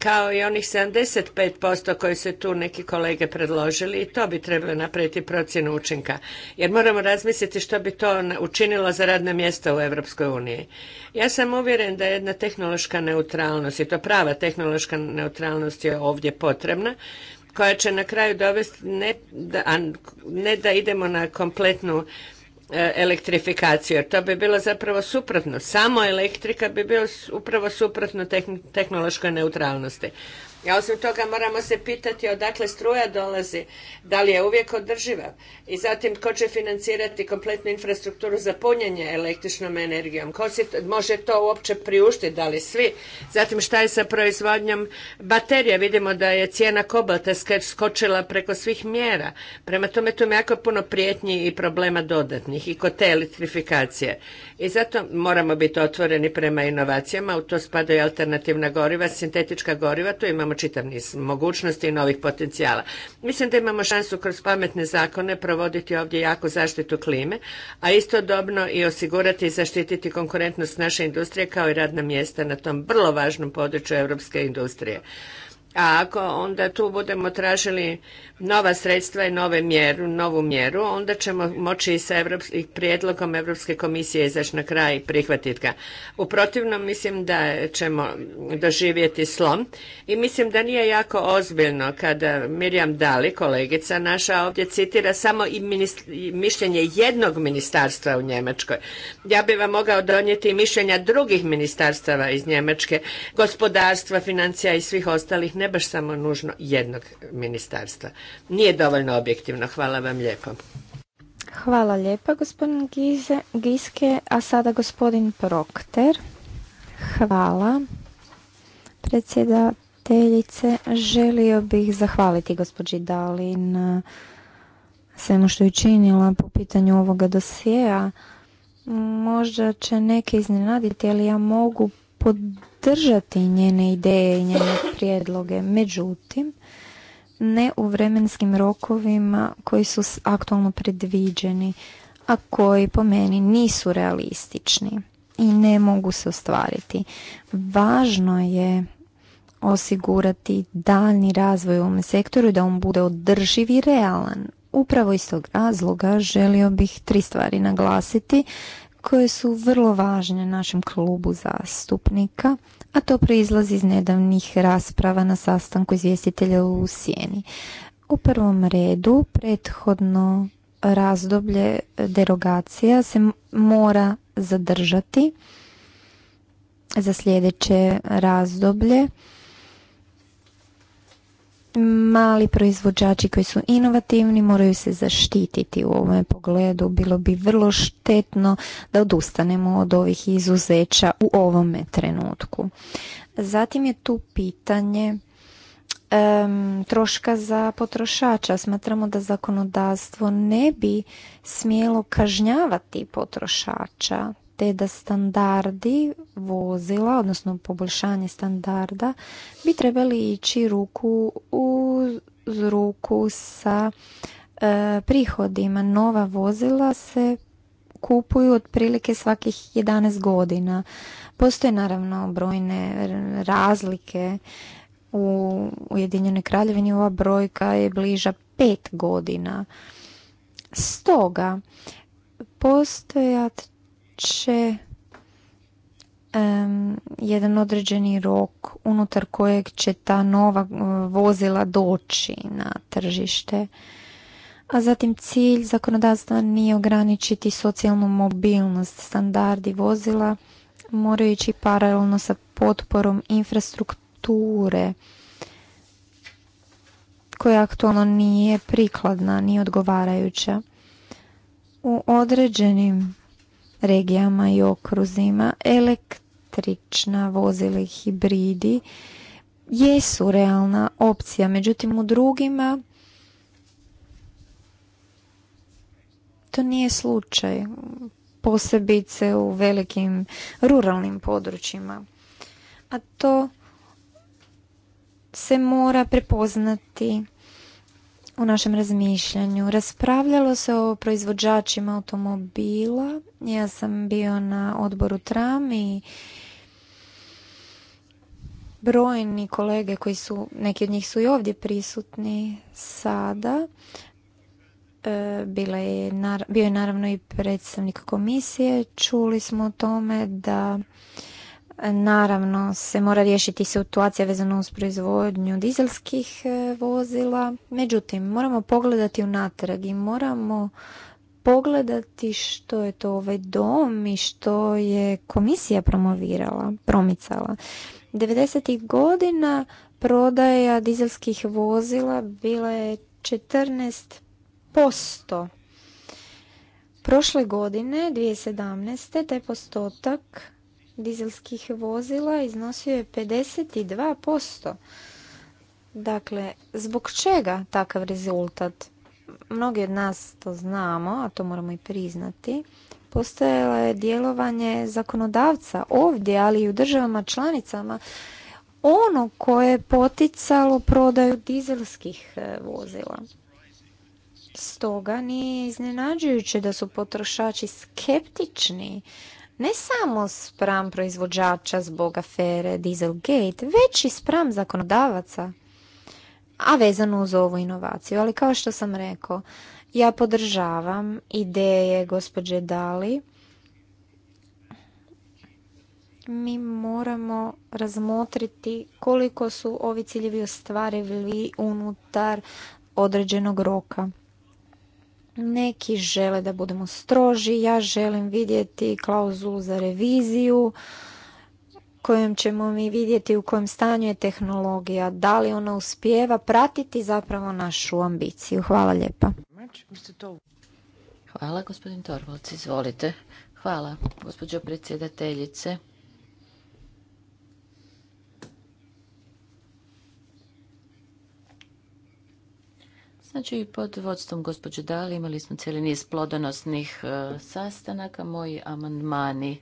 [SPEAKER 1] kao i onih 75% koji su tu neki kolege predložili i to bi trebalo napraviti procjenu učinka. Jer moramo razmisliti što bi to učinilo za radne mjesta u Europskoj uniji. Ja sam uvjeren da jedna tehnološka neutralnost i to prava tehnološka neutralnost je ovdje potrebna koja će na kraju dovesti ne da, ne da idemo na kompletnu E, elektrifikaciju, jer to bi bilo zapravo suprotno. Samo elektrika bi bilo upravo suprotno tehnološkoj neutralnosti. Ja osim toga moramo se pitati odakle struja dolazi, da li je uvijek održiva i zatim tko će financirati kompletnu infrastrukturu za punjenje električnom energijom, tko si može to uopće priuštiti, da li svi. Zatim šta je sa proizvodnjom baterija, vidimo da je cijena kobalta skočila preko svih mjera. Prema tome tu je jako puno prijetnji i problema dodatnih i kod te elektrifikacije. I zato moramo biti otvoreni prema inovacijama, u to spadaju alternativna goriva, sintetička goriva, tu imamo imamo čitav niz mogućnosti i novih potencijala. Mislim da imamo šansu kroz pametne zakone provoditi ovdje jako zaštitu klime, a istodobno i osigurati i zaštititi konkurentnost naše industrije kao i radna mjesta na tom vrlo važnom području europske industrije. A ako onda tu budemo tražili nova sredstva i nove mjeru, novu mjeru, onda ćemo moći i sa prijedlogom Europske komisije izaći na kraj i prihvatiti ga. U protivnom mislim da ćemo doživjeti slom i mislim da nije jako ozbiljno kada Mirjam Dali, kolegica naša, ovdje citira samo i, mišljenje jednog ministarstva u Njemačkoj. Ja bi vam mogao donijeti i mišljenja drugih ministarstava iz Njemačke, gospodarstva, financija i svih ostalih ne baš samo nužno jednog ministarstva. Nije dovoljno objektivno. Hvala vam lijepo.
[SPEAKER 3] Hvala lijepa gospodin Gize, Giske, a sada gospodin Prokter. Hvala. Predsjedateljice, želio bih zahvaliti gospođi Dalin eh, svemu ono što je učinila po pitanju ovoga dosjeja. Možda će neke iznenaditi, ali ja mogu podržati njene ideje i njene prijedloge. Međutim, ne u vremenskim rokovima koji su aktualno predviđeni, a koji po meni nisu realistični i ne mogu se ostvariti. Važno je osigurati daljni razvoj u ovom sektoru i da on bude održiv i realan. Upravo iz tog razloga želio bih tri stvari naglasiti koje su vrlo važne našem klubu zastupnika, a to proizlazi iz nedavnih rasprava na sastanku izvjestitelja u Sjeni. U prvom redu prethodno razdoblje derogacija se mora zadržati za sljedeće razdoblje mali proizvođači koji su inovativni moraju se zaštititi u ovome pogledu. Bilo bi vrlo štetno da odustanemo od ovih izuzeća u ovome trenutku. Zatim je tu pitanje troška za potrošača. Smatramo da zakonodavstvo ne bi smjelo kažnjavati potrošača te da standardi vozila, odnosno poboljšanje standarda, bi trebali ići ruku uz ruku sa e, prihodima. Nova vozila se kupuju otprilike svakih 11 godina. Postoje naravno brojne razlike u Ujedinjenoj kraljevini ova brojka je bliža 5 godina. Stoga postojat će jedan određeni rok unutar kojeg će ta nova e, vozila doći na tržište. A zatim cilj zakonodavstva nije ograničiti socijalnu mobilnost. Standardi vozila moraju ići paralelno sa potporom infrastrukture koja aktualno nije prikladna ni odgovarajuća. U određenim regijama i okruzima, električna vozila i hibridi jesu realna opcija, međutim u drugima to nije slučaj, posebice u velikim ruralnim područjima. A to se mora prepoznati u našem razmišljanju. Raspravljalo se o proizvođačima automobila. Ja sam bio na odboru Tram i brojni kolege koji su, neki od njih su i ovdje prisutni sada. E, bila je, bio je naravno i predstavnik komisije. Čuli smo o tome da Naravno se mora riješiti situacija vezana uz proizvodnju dizelskih e, vozila. Međutim, moramo pogledati unatrag i moramo pogledati što je to ovaj dom i što je komisija promovirala, promicala. 90. godina prodaja dizelskih vozila bila je 14%. Prošle godine, 2017. taj postotak dizelskih vozila iznosio je 52%. Dakle, zbog čega takav rezultat? Mnogi od nas to znamo, a to moramo i priznati. Postojalo je djelovanje zakonodavca ovdje, ali i u državama članicama, ono koje je poticalo prodaju dizelskih e, vozila. Stoga nije iznenađujuće da su potrošači skeptični ne samo spram proizvođača zbog afere Dieselgate, već i spram zakonodavaca, a vezano uz ovu inovaciju. Ali kao što sam rekao, ja podržavam ideje gospođe Dali. Mi moramo razmotriti koliko su ovi ciljevi ostvarivi unutar određenog roka. Neki žele da budemo stroži, ja želim vidjeti klauzulu za reviziju kojom ćemo mi vidjeti u kojem stanju je tehnologija, da li ona uspijeva pratiti zapravo našu ambiciju. Hvala lijepa.
[SPEAKER 2] Hvala, gospodin Torvalc, izvolite. Hvala, gospođo predsjedateljice. Znači, pod vodstvom gospođe Dali imali smo cijeli niz plodonosnih e, sastanaka. Moji amandmani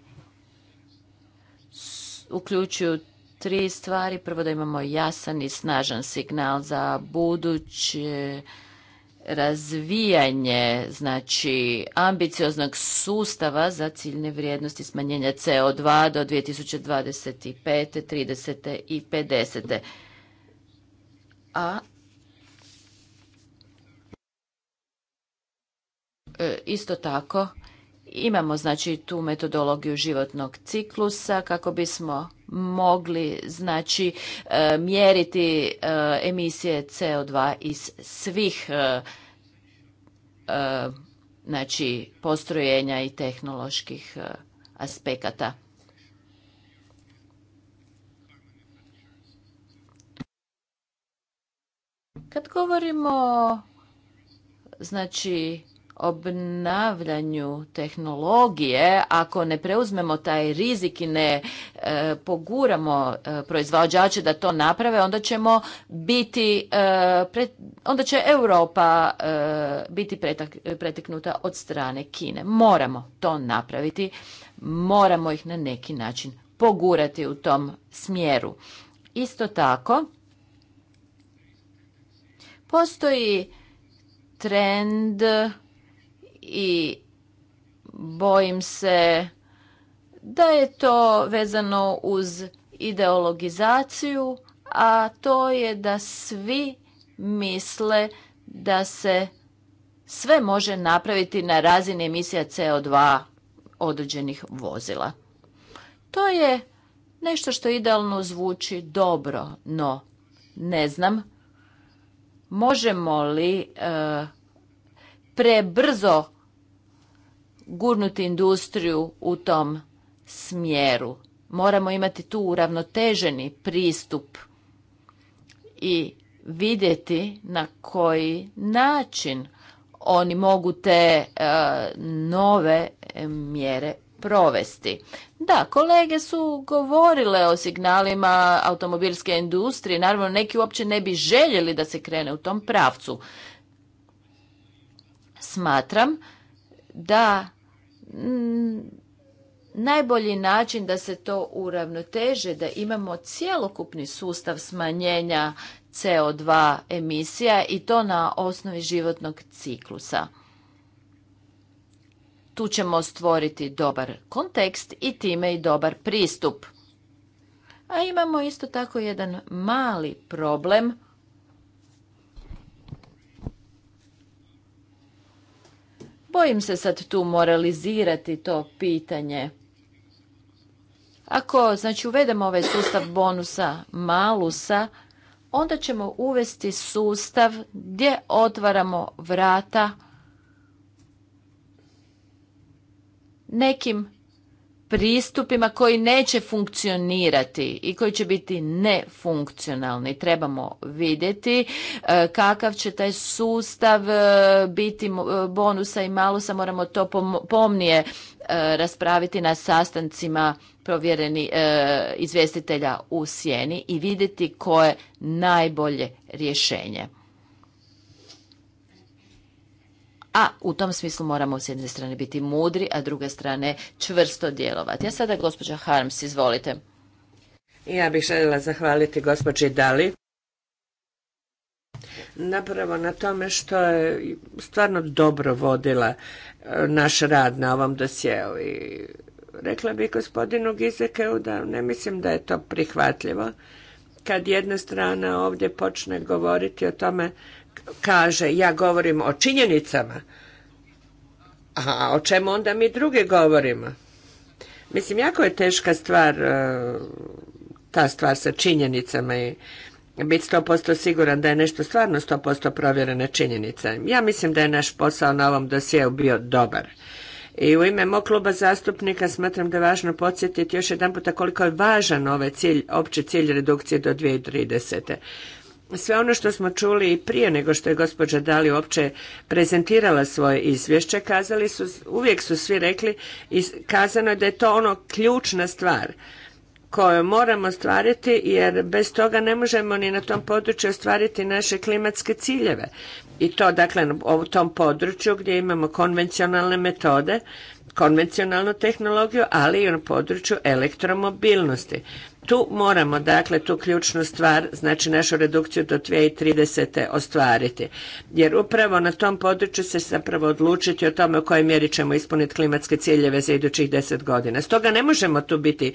[SPEAKER 2] uključuju tri stvari. Prvo da imamo jasan i snažan signal za buduće razvijanje znači ambicioznog sustava za ciljne vrijednosti smanjenja CO2 do 2025. 30. i 50. A E, isto tako imamo znači tu metodologiju životnog ciklusa kako bismo mogli znači e, mjeriti e, emisije CO2 iz svih znači postrojenja i tehnoloških aspekata. Kad govorimo znači obnavljanju tehnologije, ako ne preuzmemo taj rizik i ne e, poguramo e, proizvođače da to naprave, onda ćemo biti, e, onda će Europa e, biti preteknuta od strane Kine. Moramo to napraviti, moramo ih na neki način pogurati u tom smjeru. Isto tako, postoji trend i bojim se da je to vezano uz ideologizaciju, a to je da svi misle da se sve može napraviti na razini emisija CO2 određenih vozila. To je nešto što idealno zvuči dobro, no ne znam možemo li e, prebrzo gurnuti industriju u tom smjeru. Moramo imati tu uravnoteženi pristup i vidjeti na koji način oni mogu te e, nove e, mjere provesti. Da, kolege su govorile o signalima automobilske industrije, naravno neki uopće ne bi željeli da se krene u tom pravcu. Smatram da Mm, najbolji način da se to uravnoteže, da imamo cjelokupni sustav smanjenja CO2 emisija i to na osnovi životnog ciklusa. Tu ćemo stvoriti dobar kontekst i time i dobar pristup. A imamo isto tako jedan mali problem Bojim se sad tu moralizirati to pitanje. Ako znači uvedemo ovaj sustav bonusa malusa, onda ćemo uvesti sustav gdje otvaramo vrata nekim pristupima koji neće funkcionirati i koji će biti nefunkcionalni. Trebamo vidjeti e, kakav će taj sustav e, biti e, bonusa i malusa. Moramo to pomnije raspraviti na sastancima provjereni izvjestitelja u sjeni i vidjeti koje najbolje rješenje. a u tom smislu moramo s jedne strane biti mudri, a druge strane čvrsto djelovati. A sada gospođa Harms, izvolite. Ja bih željela zahvaliti gospođi
[SPEAKER 1] Dali napravo na tome što je stvarno dobro vodila e, naš rad na ovom dosjeu i rekla bih gospodinu Gizekeu da ne mislim da je to prihvatljivo kad jedna strana ovdje počne govoriti o tome kaže ja govorim o činjenicama, a o čemu onda mi druge govorimo? Mislim, jako je teška stvar e, ta stvar sa činjenicama i biti 100% siguran da je nešto stvarno 100% provjerena činjenica. Ja mislim da je naš posao na ovom dosjeu bio dobar. I u ime mog kluba zastupnika smatram da je važno podsjetiti još jedan puta koliko je važan ovaj cilj, opći cilj redukcije do 2030 sve ono što smo čuli i prije nego što je gospođa Dali uopće prezentirala svoje izvješće, kazali su, uvijek su svi rekli i kazano je da je to ono ključna stvar koju moramo stvariti jer bez toga ne možemo ni na tom području ostvariti naše klimatske ciljeve. I to dakle u tom području gdje imamo konvencionalne metode, konvencionalnu tehnologiju, ali i na području elektromobilnosti. Tu moramo, dakle, tu ključnu stvar, znači našu redukciju do 2030. ostvariti. Jer upravo na tom području se zapravo odlučiti o tome u kojoj mjeri ćemo ispuniti klimatske ciljeve za idućih 10 godina. Stoga ne možemo tu biti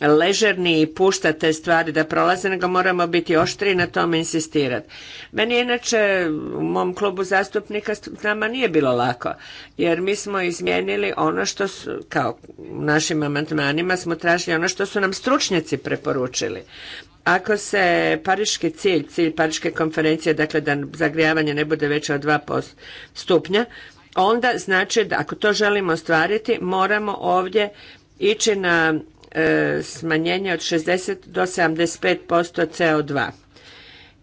[SPEAKER 1] ležerni i pušta te stvari da prolaze, nego moramo biti oštri i na tome insistirati. Meni inače u mom klubu zastupnika nama nije bilo lako, jer mi smo izmijenili ono što su, kao našim amandmanima smo tražili ono što su nam stručnjaci preporučili. Ako se pariški cilj, cilj pariške konferencije, dakle da zagrijavanje ne bude veće od 2 stupnja, onda znači da ako to želimo ostvariti, moramo ovdje ići na smanjenje od 60 do 75% CO2.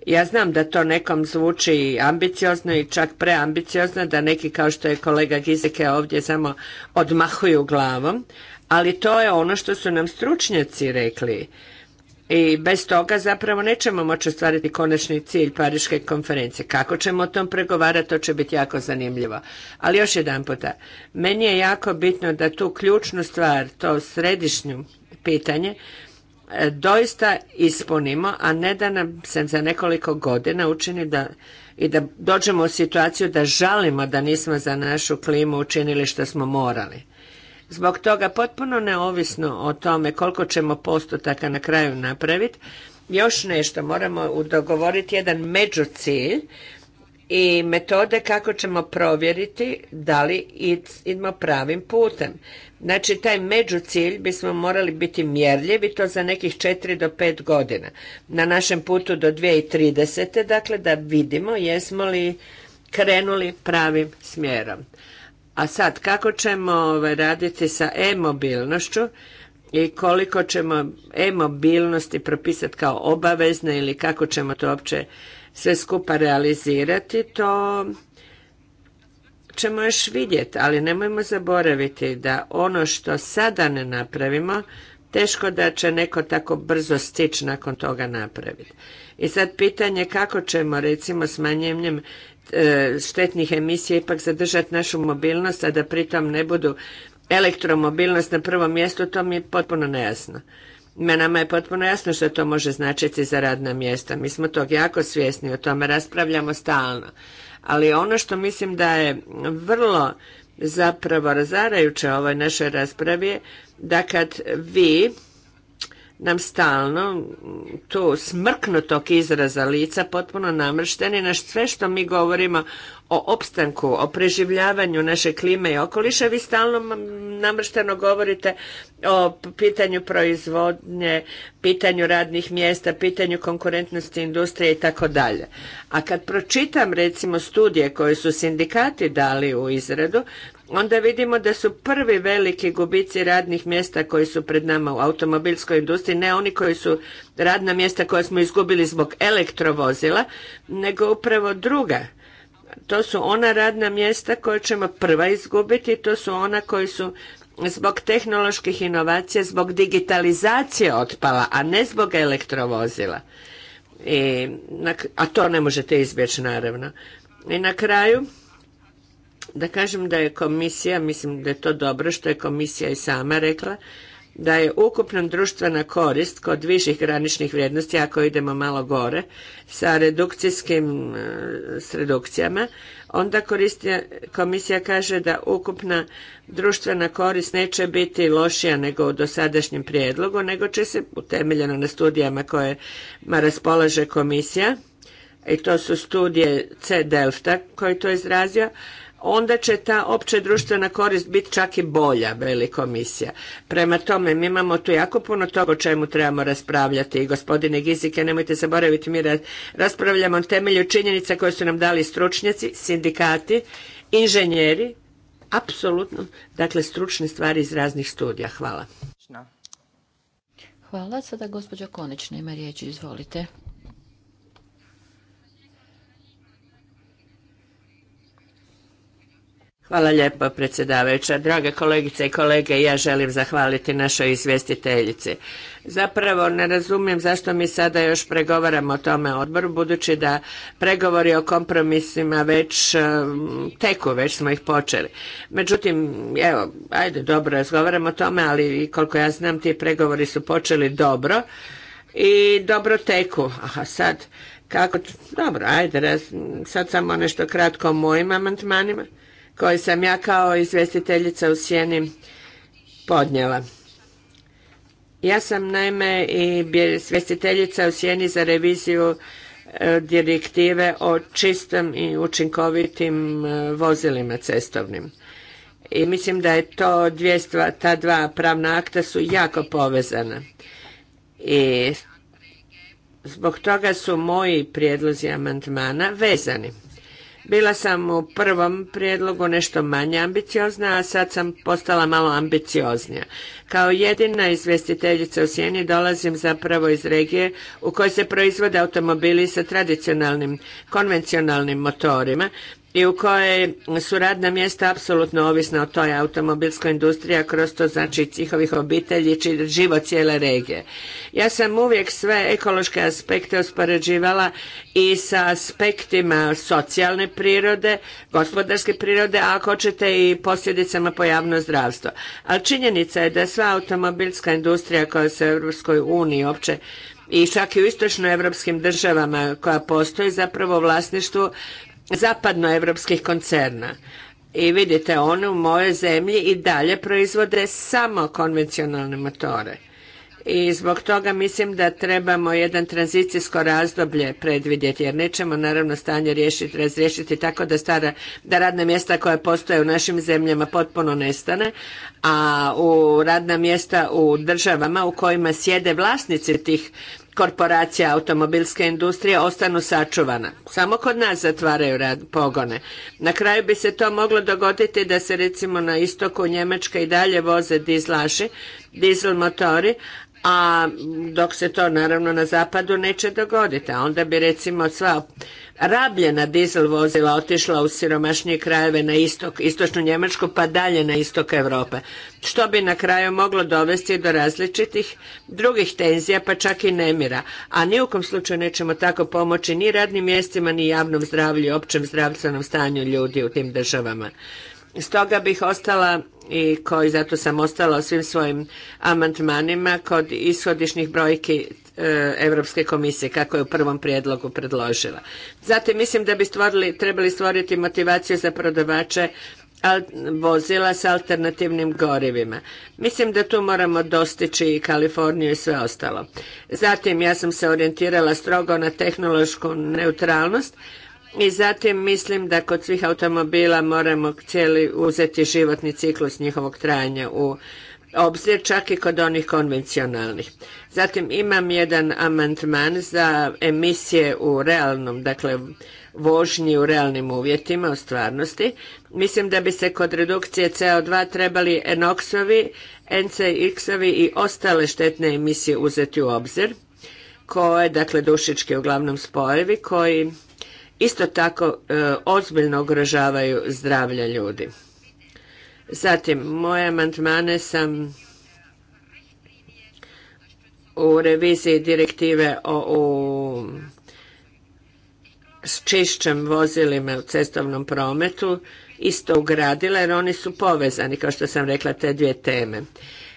[SPEAKER 1] Ja znam da to nekom zvuči ambiciozno i čak preambiciozno, da neki kao što je kolega Gizeke ovdje samo odmahuju glavom, ali to je ono što su nam stručnjaci rekli. I bez toga zapravo nećemo moći ostvariti konačni cilj Pariške konferencije. Kako ćemo o tom pregovarati, to će biti jako zanimljivo. Ali još jedan puta, meni je jako bitno da tu ključnu stvar, to središnju pitanje e, doista ispunimo, a ne da nam se za nekoliko godina učini da i da dođemo u situaciju da žalimo da nismo za našu klimu učinili što smo morali. Zbog toga potpuno neovisno o tome koliko ćemo postotaka na kraju napraviti, još nešto moramo dogovoriti jedan međucilj i metode kako ćemo provjeriti da li idemo pravim putem. Znači, taj međucilj bismo morali biti mjerljivi, to za nekih 4 do 5 godina. Na našem putu do 2030. dakle, da vidimo jesmo li krenuli pravim smjerom. A sad, kako ćemo ovaj, raditi sa e-mobilnošću i koliko ćemo e-mobilnosti propisati kao obavezne ili kako ćemo to uopće sve skupa realizirati, to ćemo još vidjeti, ali nemojmo zaboraviti da ono što sada ne napravimo, teško da će neko tako brzo stić nakon toga napraviti. I sad pitanje kako ćemo recimo smanjenjem e, štetnih emisija ipak zadržati našu mobilnost, a da pritom ne budu elektromobilnost na prvom mjestu, to mi je potpuno nejasno. Nama je potpuno jasno što to može značiti za radna mjesta. Mi smo tog jako svjesni, o tome raspravljamo stalno. Ali ono što mislim da je vrlo zapravo razarajuće ovoj našoj raspravi je da kad vi nam stalno tu smrknutog izraza lica potpuno namršteni na sve što mi govorimo o opstanku, o preživljavanju naše klime i okoliša, vi stalno namršteno govorite o pitanju proizvodnje, pitanju radnih mjesta, pitanju konkurentnosti industrije i tako dalje. A kad pročitam recimo studije koje su sindikati dali u izradu, onda vidimo da su prvi veliki gubici radnih mjesta koji su pred nama u automobilskoj industriji, ne oni koji su radna mjesta koja smo izgubili zbog elektrovozila, nego upravo druga. To su ona radna mjesta koja ćemo prva izgubiti, to su ona koji su zbog tehnoloških inovacija, zbog digitalizacije otpala, a ne zbog elektrovozila. I, a to ne možete izbjeći naravno. I na kraju, da kažem da je komisija, mislim da je to dobro što je komisija i sama rekla, da je ukupna društvena korist kod viših graničnih vrijednosti, ako idemo malo gore, sa redukcijskim e, s redukcijama, onda komisija kaže da ukupna društvena korist neće biti lošija nego u dosadašnjem prijedlogu, nego će se, utemeljeno na studijama koje raspolaže komisija, i to su studije C. Delfta koji to izrazio, onda će ta opće društvena korist biti čak i bolja, veli komisija. Prema tome, mi imamo tu jako puno toga o čemu trebamo raspravljati i gospodine Gizike, nemojte zaboraviti, mi raspravljamo o temelju činjenica koje su nam dali stručnjaci, sindikati, inženjeri, apsolutno, dakle stručne stvari iz raznih studija. Hvala.
[SPEAKER 2] Hvala, sada gospođa Konečna ima riječ, izvolite.
[SPEAKER 1] Hvala lijepo predsjedavajuća. Drage kolegice i kolege, ja želim zahvaliti našoj izvjestiteljici. Zapravo ne razumijem zašto mi sada još pregovaramo o tome odboru, budući da pregovori o kompromisima već um, teku, već smo ih počeli. Međutim, evo, ajde, dobro razgovaramo o tome, ali koliko ja znam ti pregovori su počeli dobro i dobro teku. Aha, sad, kako, dobro, ajde, sad samo nešto kratko o mojim amantmanima koje sam ja kao izvjestiteljica u sjeni podnjela. Ja sam naime i izvjestiteljica u sjeni za reviziju e, direktive o čistom i učinkovitim e, vozilima cestovnim. I mislim da je to dvije ta dva pravna akta su jako povezana. I zbog toga su moji prijedlozi amandmana vezani bila sam u prvom prijedlogu nešto manje ambiciozna, a sad sam postala malo ambicioznija. Kao jedina izvjestiteljica u Sjeni dolazim zapravo iz regije u kojoj se proizvode automobili sa tradicionalnim, konvencionalnim motorima, i u kojoj su radna mjesta apsolutno ovisna o toj automobilskoj industriji, a kroz to znači njihovih obitelji, či život cijele regije. Ja sam uvijek sve ekološke aspekte uspoređivala i sa aspektima socijalne prirode, gospodarske prirode, a ako hoćete i posljedicama po javno zdravstvo. Ali činjenica je da sva automobilska industrija koja se u Europskoj uniji uopće i čak i u istočnoevropskim državama koja postoji zapravo u vlasništvu zapadnoevropskih koncerna. I vidite, one u mojoj zemlji i dalje proizvode samo konvencionalne motore. I zbog toga mislim da trebamo jedan tranzicijsko razdoblje predvidjeti, jer nećemo naravno stanje riješiti, razriješiti tako da stara, da radna mjesta koja postoje u našim zemljama potpuno nestane, a u radna mjesta u državama u kojima sjede vlasnici tih korporacija automobilske industrije ostanu sačuvana. Samo kod nas zatvaraju rad, pogone. Na kraju bi se to moglo dogoditi da se recimo na istoku Njemačka i dalje voze dizlaši, dizel motori, a dok se to naravno na zapadu neće dogoditi, a onda bi recimo sva rabljena dizel vozila otišla u siromašnije krajeve na istok, istočnu Njemačku pa dalje na istok Europe, što bi na kraju moglo dovesti do različitih drugih tenzija pa čak i nemira, a ni u kom slučaju nećemo tako pomoći ni radnim mjestima ni javnom zdravlju i općem zdravstvenom stanju ljudi u tim državama. Stoga bih ostala i koji zato sam ostala u svim svojim amandmanima kod ishodišnih brojki Europske komisije kako je u prvom prijedlogu predložila. Zatim mislim da bi stvorili, trebali stvoriti motivaciju za prodavače vozila s alternativnim gorivima. Mislim da tu moramo dostići i Kaliforniju i sve ostalo. Zatim ja sam se orijentirala strogo na tehnološku neutralnost, i zatim mislim da kod svih automobila moramo cijeli uzeti životni ciklus njihovog trajanja u obzir, čak i kod onih konvencionalnih. Zatim imam jedan amantman za emisije u realnom, dakle vožnji u realnim uvjetima, u stvarnosti. Mislim da bi se kod redukcije CO2 trebali NOx-ovi, NCX-ovi i ostale štetne emisije uzeti u obzir koje, dakle dušički uglavnom spojevi, koji isto tako e, ozbiljno ugrožavaju zdravlje ljudi. Zatim, moje amandmane sam u reviziji direktive o, s čišćem vozilima u cestovnom prometu isto ugradila jer oni su povezani, kao što sam rekla, te dvije teme.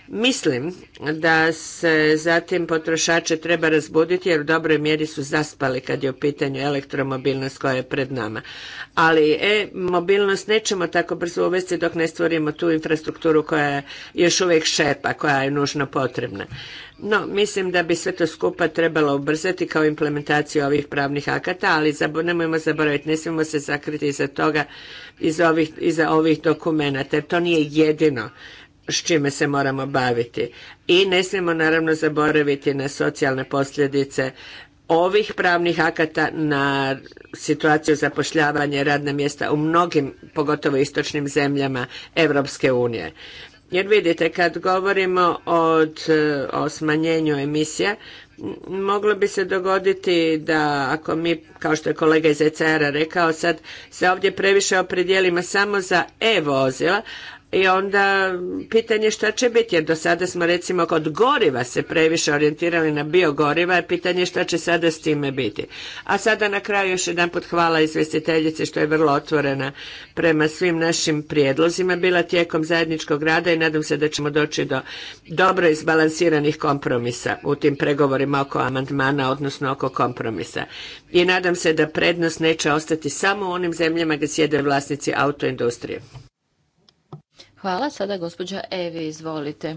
[SPEAKER 1] Mislim da se zatim potrošače treba razbuditi jer u dobroj mjeri su zaspali kad je u pitanju elektromobilnost koja je pred nama. Ali e-mobilnost nećemo tako brzo uvesti dok ne stvorimo tu infrastrukturu koja je još uvijek šepa, koja je nužno potrebna. No, mislim da bi sve to skupa trebalo ubrzati kao implementaciju ovih pravnih akata, ali nemojmo zaboraviti, ne smijemo se zakriti iza toga, iza ovih, iza ovih dokumenta, jer to nije jedino s čime se moramo baviti. I ne smijemo naravno zaboraviti na socijalne posljedice ovih pravnih akata na situaciju zapošljavanja radna mjesta u mnogim, pogotovo istočnim zemljama Europske unije. Jer vidite, kad govorimo o smanjenju emisija, moglo bi se dogoditi da ako mi, kao što je kolega iz ECR-a rekao, sad se ovdje previše opredijelimo samo za e-vozila, i onda pitanje šta će biti, jer do sada smo recimo kod goriva se previše orijentirali na biogoriva, pitanje šta će sada s time biti. A sada na kraju još jedan put hvala izvestiteljici što je vrlo otvorena prema svim našim prijedlozima bila tijekom zajedničkog rada i nadam se da ćemo doći do dobro izbalansiranih kompromisa u tim pregovorima oko amandmana, odnosno oko kompromisa. I nadam se da prednost neće ostati samo u onim zemljama gdje sjede vlasnici autoindustrije.
[SPEAKER 3] Hvala. Sada gospođa Evi, izvolite.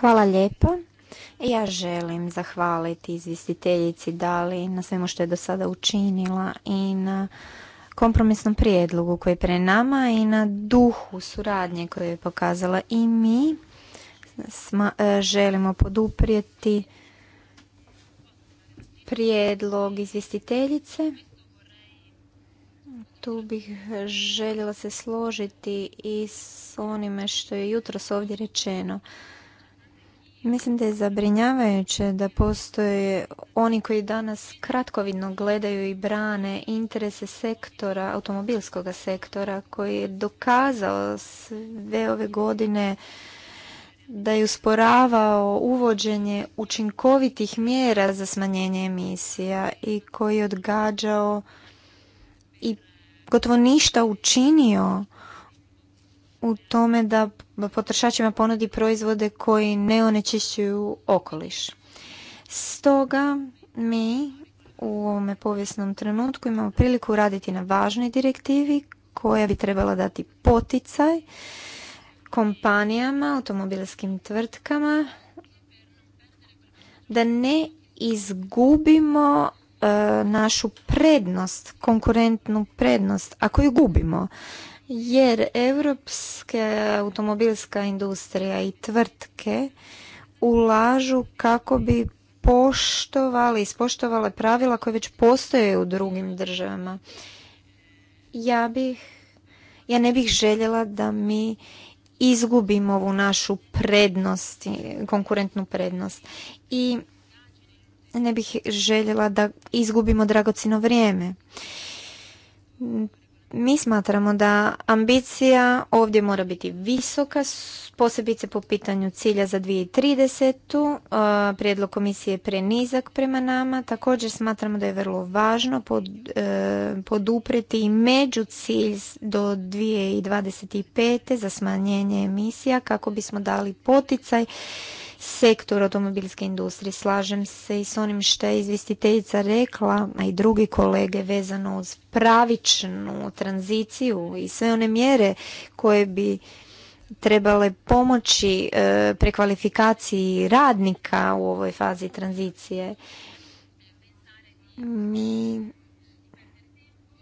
[SPEAKER 3] Hvala lijepo. Ja želim zahvaliti izvjestiteljici Dali na svemu što je do sada učinila i na kompromisnom prijedlogu koji je pre nama i na duhu suradnje koju je pokazala i mi e, želimo poduprijeti prijedlog izvjestiteljice tu bih željela se složiti i s onime što je jutros ovdje rečeno. Mislim da je zabrinjavajuće da postoje oni koji danas kratkovidno gledaju i brane interese sektora, automobilskog sektora, koji je dokazao sve ove godine da je usporavao uvođenje učinkovitih mjera za smanjenje emisija i koji je odgađao i gotovo ništa učinio u tome da potrošačima ponudi proizvode koji ne onečišćuju okoliš. Stoga mi u ovome povijesnom trenutku imamo priliku raditi na važnoj direktivi koja bi trebala dati poticaj kompanijama, automobilskim tvrtkama da ne izgubimo E, našu prednost, konkurentnu prednost, ako ju gubimo. Jer europske automobilska industrija i tvrtke ulažu kako bi poštovali, ispoštovale pravila koje već postoje u drugim državama. Ja bih, ja ne bih željela da mi izgubimo ovu našu prednost, konkurentnu prednost. I ne bih željela da izgubimo dragocino vrijeme. Mi smatramo da ambicija ovdje mora biti visoka, posebice po pitanju cilja za 2030. E, prijedlog komisije je prenizak prema nama. Također smatramo da je vrlo važno e, podupreti i među cilj do 2025. za smanjenje emisija kako bismo dali poticaj sektor automobilske industrije. Slažem se i s onim što je izvjestiteljica rekla, a i drugi kolege vezano uz pravičnu tranziciju i sve one mjere koje bi trebale pomoći e, prekvalifikaciji radnika u ovoj fazi tranzicije. Mi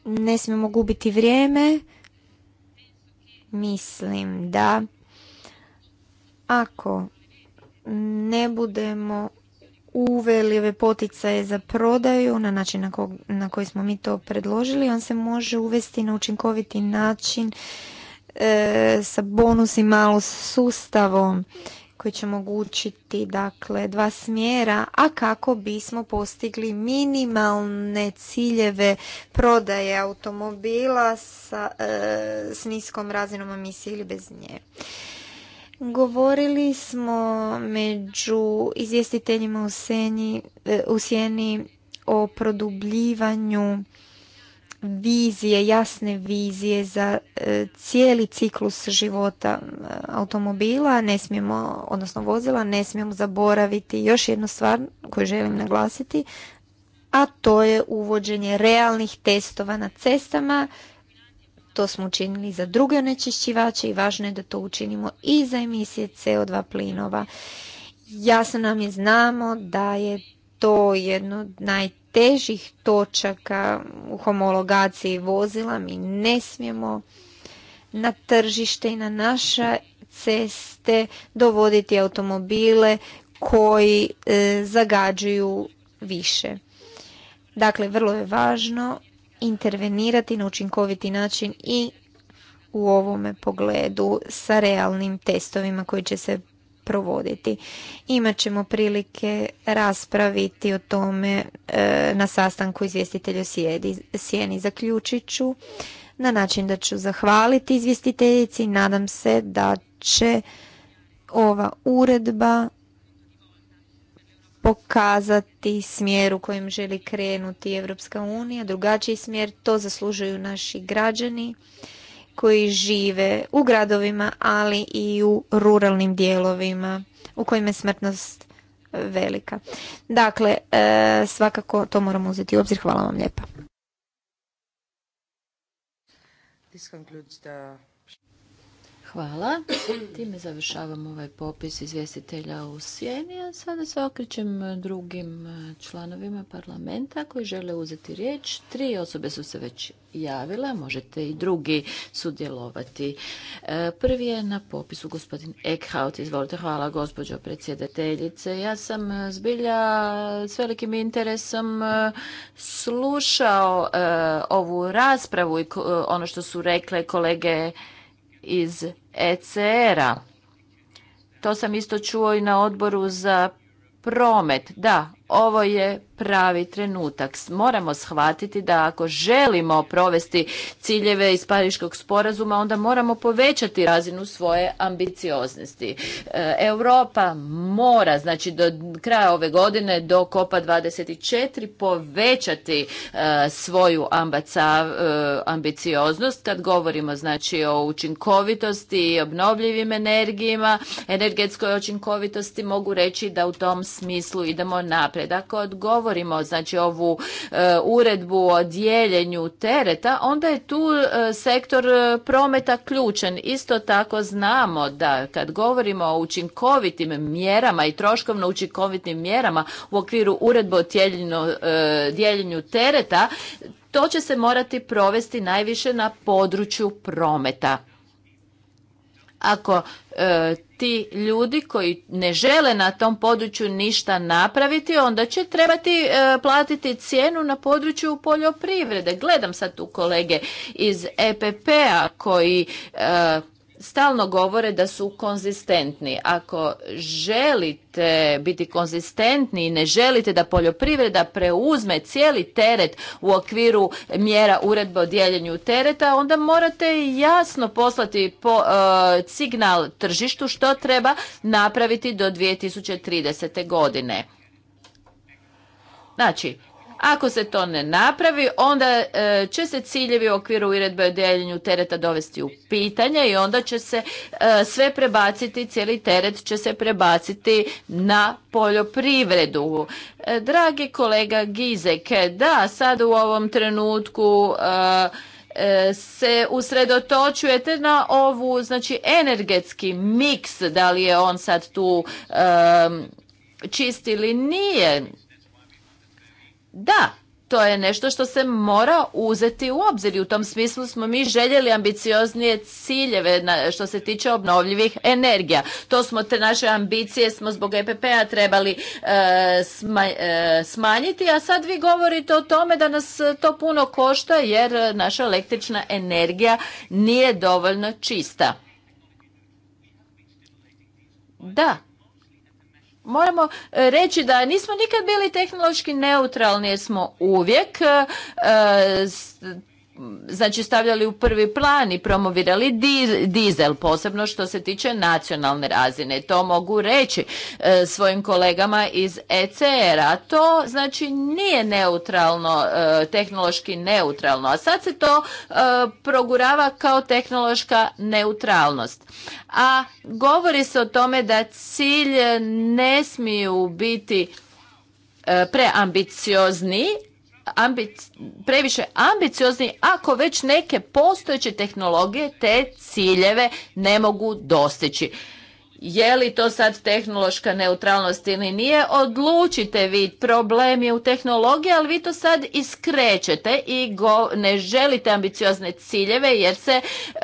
[SPEAKER 3] ne smijemo gubiti vrijeme. Mislim da ako ne budemo uveli ove poticaje za prodaju na način na koji smo mi to predložili, on se može uvesti na učinkoviti način e, sa bonusima, u sustavom koji će omogućiti dakle dva smjera, a kako bismo postigli minimalne ciljeve prodaje automobila sa, e, s niskom razinom emisije ili bez nje. Govorili smo među izvjestiteljima u, seni, e, u sjeni o produbljivanju vizije, jasne vizije za e, cijeli ciklus života e, automobila, ne smijemo, odnosno vozila, ne smijemo zaboraviti još jednu stvar koju želim naglasiti, a to je uvođenje realnih testova na cestama to smo učinili za druge onečišćivače i važno je da to učinimo i za emisije CO2 plinova. Jasno nam je znamo da je to jedno od najtežih točaka u homologaciji vozila. Mi ne smijemo na tržište i na naše ceste dovoditi automobile koji e, zagađuju više. Dakle, vrlo je važno intervenirati na učinkoviti način i u ovome pogledu sa realnim testovima koji će se provoditi. Imaćemo prilike raspraviti o tome e, na sastanku izvjestitelju Sjeni. Zaključit ću na način da ću zahvaliti izvjestiteljici. Nadam se da će ova uredba pokazati smjer u kojem želi krenuti Evropska unija, drugačiji smjer, to zaslužuju naši građani koji žive u gradovima, ali i u ruralnim dijelovima u kojima je smrtnost velika. Dakle, e, svakako to moramo uzeti u obzir. Hvala vam lijepa.
[SPEAKER 2] Hvala. Time završavamo ovaj popis izvjestitelja u sjeni, a sada se okrećem drugim članovima parlamenta koji žele uzeti riječ. Tri osobe su se već javile, možete i drugi sudjelovati. E, prvi je na popisu gospodin Eckhout. Izvolite, hvala gospođo predsjedateljice. Ja sam zbilja s velikim interesom e, slušao e, ovu raspravu i ono što su rekle kolege iz ECR-a. To sam isto čuo i na odboru za promet. Da, ovo je pravi trenutak. Moramo shvatiti da ako želimo provesti ciljeve iz Pariškog sporazuma, onda moramo povećati razinu svoje ambicioznosti. E, Europa mora, znači do kraja ove godine, do kopa 24, povećati e, svoju e, ambicioznost kad govorimo znači o učinkovitosti i obnovljivim energijima, energetskoj učinkovitosti mogu reći da u tom smislu idemo napred. Ako odgovor govorimo znači ovu e, uredbu o dijeljenju tereta, onda je tu e, sektor e, prometa ključen. Isto tako znamo da kad govorimo o učinkovitim mjerama i troškovno učinkovitim mjerama u okviru uredbe o dijeljenju tereta, to će se morati provesti najviše na području prometa ako e, ti ljudi koji ne žele na tom području ništa napraviti, onda će trebati e, platiti cijenu na području poljoprivrede. Gledam sad tu kolege iz EPP-a koji e, stalno govore da su konzistentni. Ako želite biti konzistentni i ne želite da poljoprivreda preuzme cijeli teret u okviru mjera uredbe o dijeljenju tereta, onda morate jasno poslati po, e, signal tržištu što treba napraviti do 2030. godine. Znači, ako se to ne napravi, onda e, će se ciljevi u okviru uredbe o dijeljenju tereta dovesti u pitanje i onda će se e, sve prebaciti, cijeli teret će se prebaciti na poljoprivredu. E, dragi kolega Gizek, da, sad u ovom trenutku se usredotočujete na ovu, znači energetski miks, da li je on sad tu čisti čist ili nije da, to je nešto što se mora uzeti u obzir i u tom smislu smo mi željeli ambicioznije ciljeve što se tiče obnovljivih energija. To smo te naše ambicije smo zbog EPP-a trebali e, e, smanjiti, a sad vi govorite o tome da nas to puno košta jer naša električna energija nije dovoljno čista. Da, moramo e, reći da nismo nikad bili tehnološki neutralni jer smo uvijek e, e, znači stavljali u prvi plan i promovirali dizel, posebno što se tiče nacionalne razine. To mogu reći e, svojim kolegama iz ECR-a. To znači nije neutralno, e, tehnološki neutralno, a sad se to e, progurava kao tehnološka neutralnost. A govori se o tome da cilj ne smiju biti preambiciozni, previše ambiciozni ako već neke postojeće tehnologije te ciljeve ne mogu dostići je li to sad tehnološka neutralnost ili nije, odlučite vi, problem je u tehnologiji, ali vi to sad iskrećete i go, ne želite ambiciozne ciljeve jer se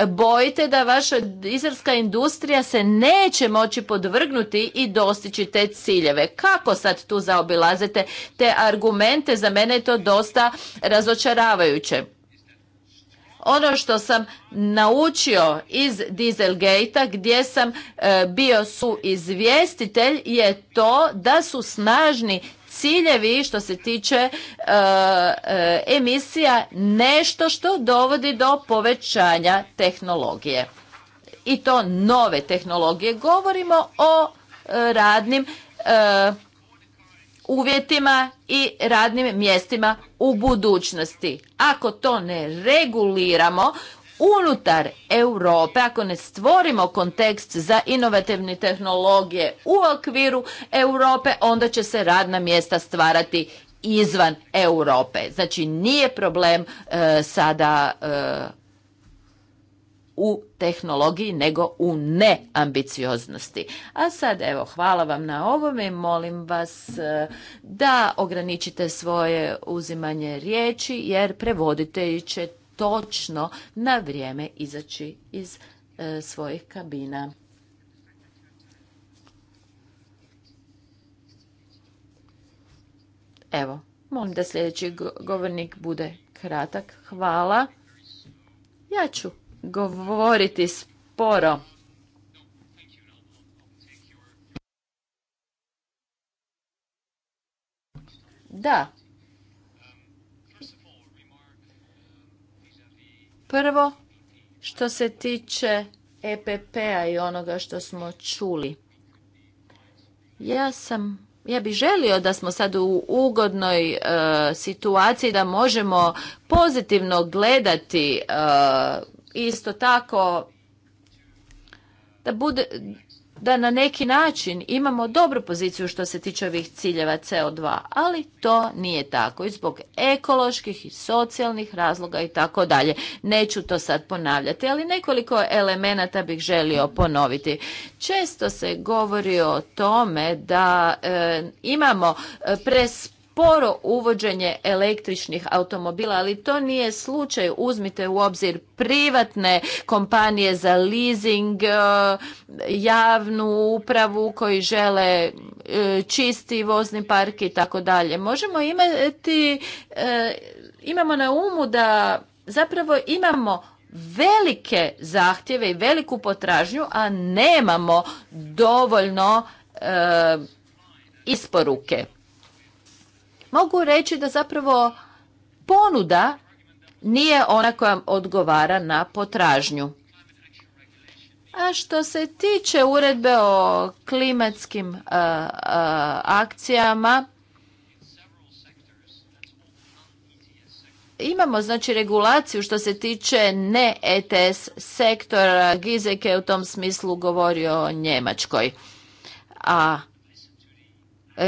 [SPEAKER 2] bojite da vaša izarska industrija se neće moći podvrgnuti i dostići te ciljeve. Kako sad tu zaobilazite te argumente? Za mene je to dosta razočaravajuće. Ono što sam naučio iz Dieselgate-a gdje sam e, bio su je to da su snažni ciljevi što se tiče e, e, emisija nešto što dovodi do povećanja tehnologije. I to nove tehnologije. Govorimo o radnim uvjetima i radnim mjestima u budućnosti. Ako to ne reguliramo unutar Europe, ako ne stvorimo kontekst za inovativne tehnologije u okviru Europe, onda će se radna mjesta stvarati izvan Europe. Znači nije problem e, sada e, u tehnologiji nego u neambicioznosti. A sad evo hvala vam na ovome molim vas e, da ograničite svoje uzimanje riječi jer i će točno na vrijeme izaći iz e, svojih kabina. Evo, molim da sljedeći govornik bude kratak. Hvala. Ja ću govoriti sporo. Da. Prvo, što se tiče EPP-a i onoga što smo čuli. Ja sam ja bih želio da smo sad u ugodnoj e, situaciji da možemo pozitivno gledati e, isto tako da bude da na neki način imamo dobru poziciju što se tiče ovih ciljeva CO2, ali to nije tako i zbog ekoloških i socijalnih razloga i tako dalje. Neću to sad ponavljati, ali nekoliko elemenata bih želio ponoviti. Često se govori o tome da e, imamo e, pres sporo uvođenje električnih automobila, ali to nije slučaj. Uzmite u obzir privatne kompanije za leasing, e, javnu upravu koji žele e, čisti vozni park i tako dalje. Možemo imati, e, imamo na umu da zapravo imamo velike zahtjeve i veliku potražnju, a nemamo dovoljno isporuke mogu reći da zapravo ponuda nije ona koja odgovara na potražnju. A što se tiče uredbe o klimatskim akcijama, imamo znači regulaciju što se tiče ne ETS sektora. Gizek je u tom smislu govorio o Njemačkoj. A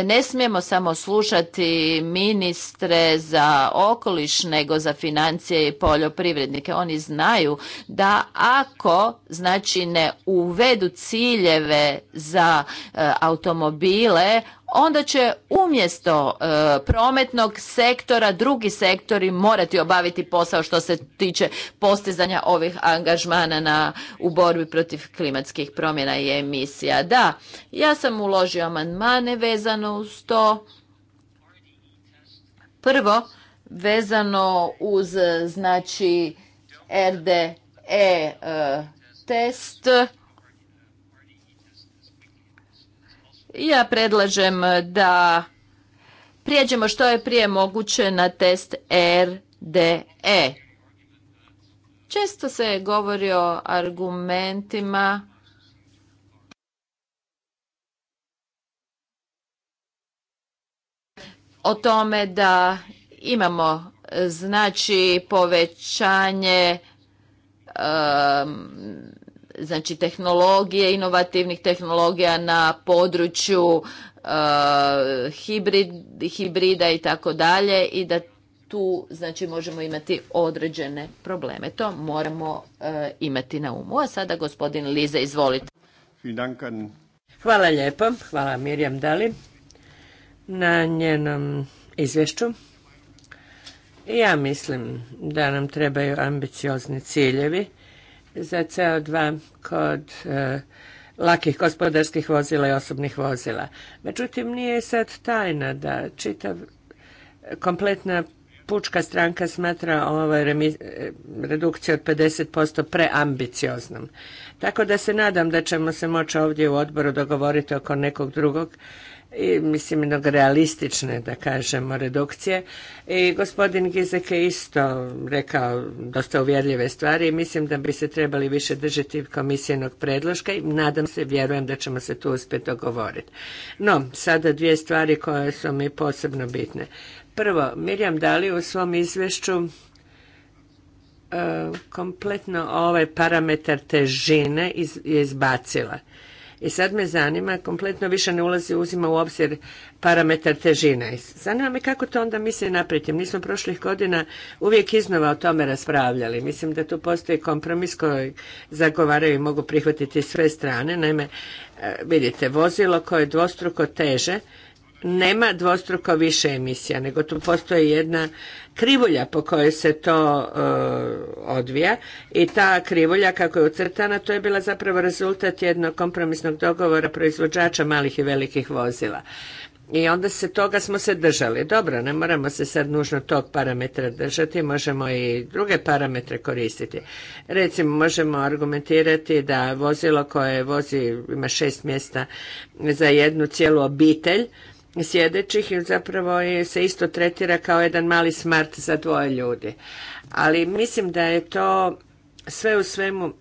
[SPEAKER 2] ne smijemo samo slušati ministre za okoliš nego za financije i poljoprivrednike. Oni znaju da ako znači ne uvedu ciljeve za e, automobile, onda će umjesto e, prometnog sektora drugi sektori morati obaviti posao što se tiče postizanja ovih angažmana na, u borbi protiv klimatskih promjena i emisija. Da, ja sam uložio amandmane vezano uz to. Prvo, vezano uz znači RDE e, test Ja predlažem eh, da prijeđemo što je prije moguće na test RDE. Često se govori o argumentima o tome da imamo eh, znači povećanje ehm, znači tehnologije, inovativnih tehnologija na području e, hibrid, hibrida i tako dalje i da tu znači možemo imati određene probleme. To moramo e, imati na umu. A sada gospodin Liza, izvolite.
[SPEAKER 1] Hvala lijepo. Hvala Mirjam Dali na njenom izvješću. Ja mislim da nam trebaju ambiciozni ciljevi za CO2 kod e, lakih gospodarskih vozila i osobnih vozila. Međutim, nije sad tajna da čitav kompletna pučka stranka smatra ovaj remi, e, redukciju od 50% preambicioznom. Tako da se nadam da ćemo se moći ovdje u odboru dogovoriti oko nekog drugog i mislim jednog realistične da kažemo redukcije i gospodin Gizek je isto rekao dosta uvjerljive stvari i mislim da bi se trebali više držati komisijenog predloška i nadam se, vjerujem da ćemo se tu uspjeti dogovoriti. No, sada dvije stvari koje su mi posebno bitne. Prvo, Mirjam Dali u svom izvješću e, kompletno ovaj parametar težine je izbacila i sad me zanima, kompletno više ne ulazi, uzima u obzir parametar težine. Zanima me kako to onda misli napraviti. Mi smo prošlih godina uvijek iznova o tome raspravljali. Mislim da tu postoji kompromis koji zagovaraju i mogu prihvatiti sve strane. Naime, e, vidite, vozilo koje je dvostruko teže nema dvostruko više emisija, nego tu postoji jedna krivulja po kojoj se to e, odvija i ta krivulja kako je ucrtana to je bila zapravo rezultat jednog kompromisnog dogovora proizvođača malih i velikih vozila. I onda se toga smo se držali. Dobro, ne moramo se sad nužno tog parametra držati, možemo i druge parametre koristiti. Recimo, možemo argumentirati da vozilo koje vozi, ima šest mjesta za jednu cijelu obitelj, sjedećih jer zapravo je, se isto tretira kao jedan mali smart za dvoje ljudi. Ali mislim da je to sve u svemu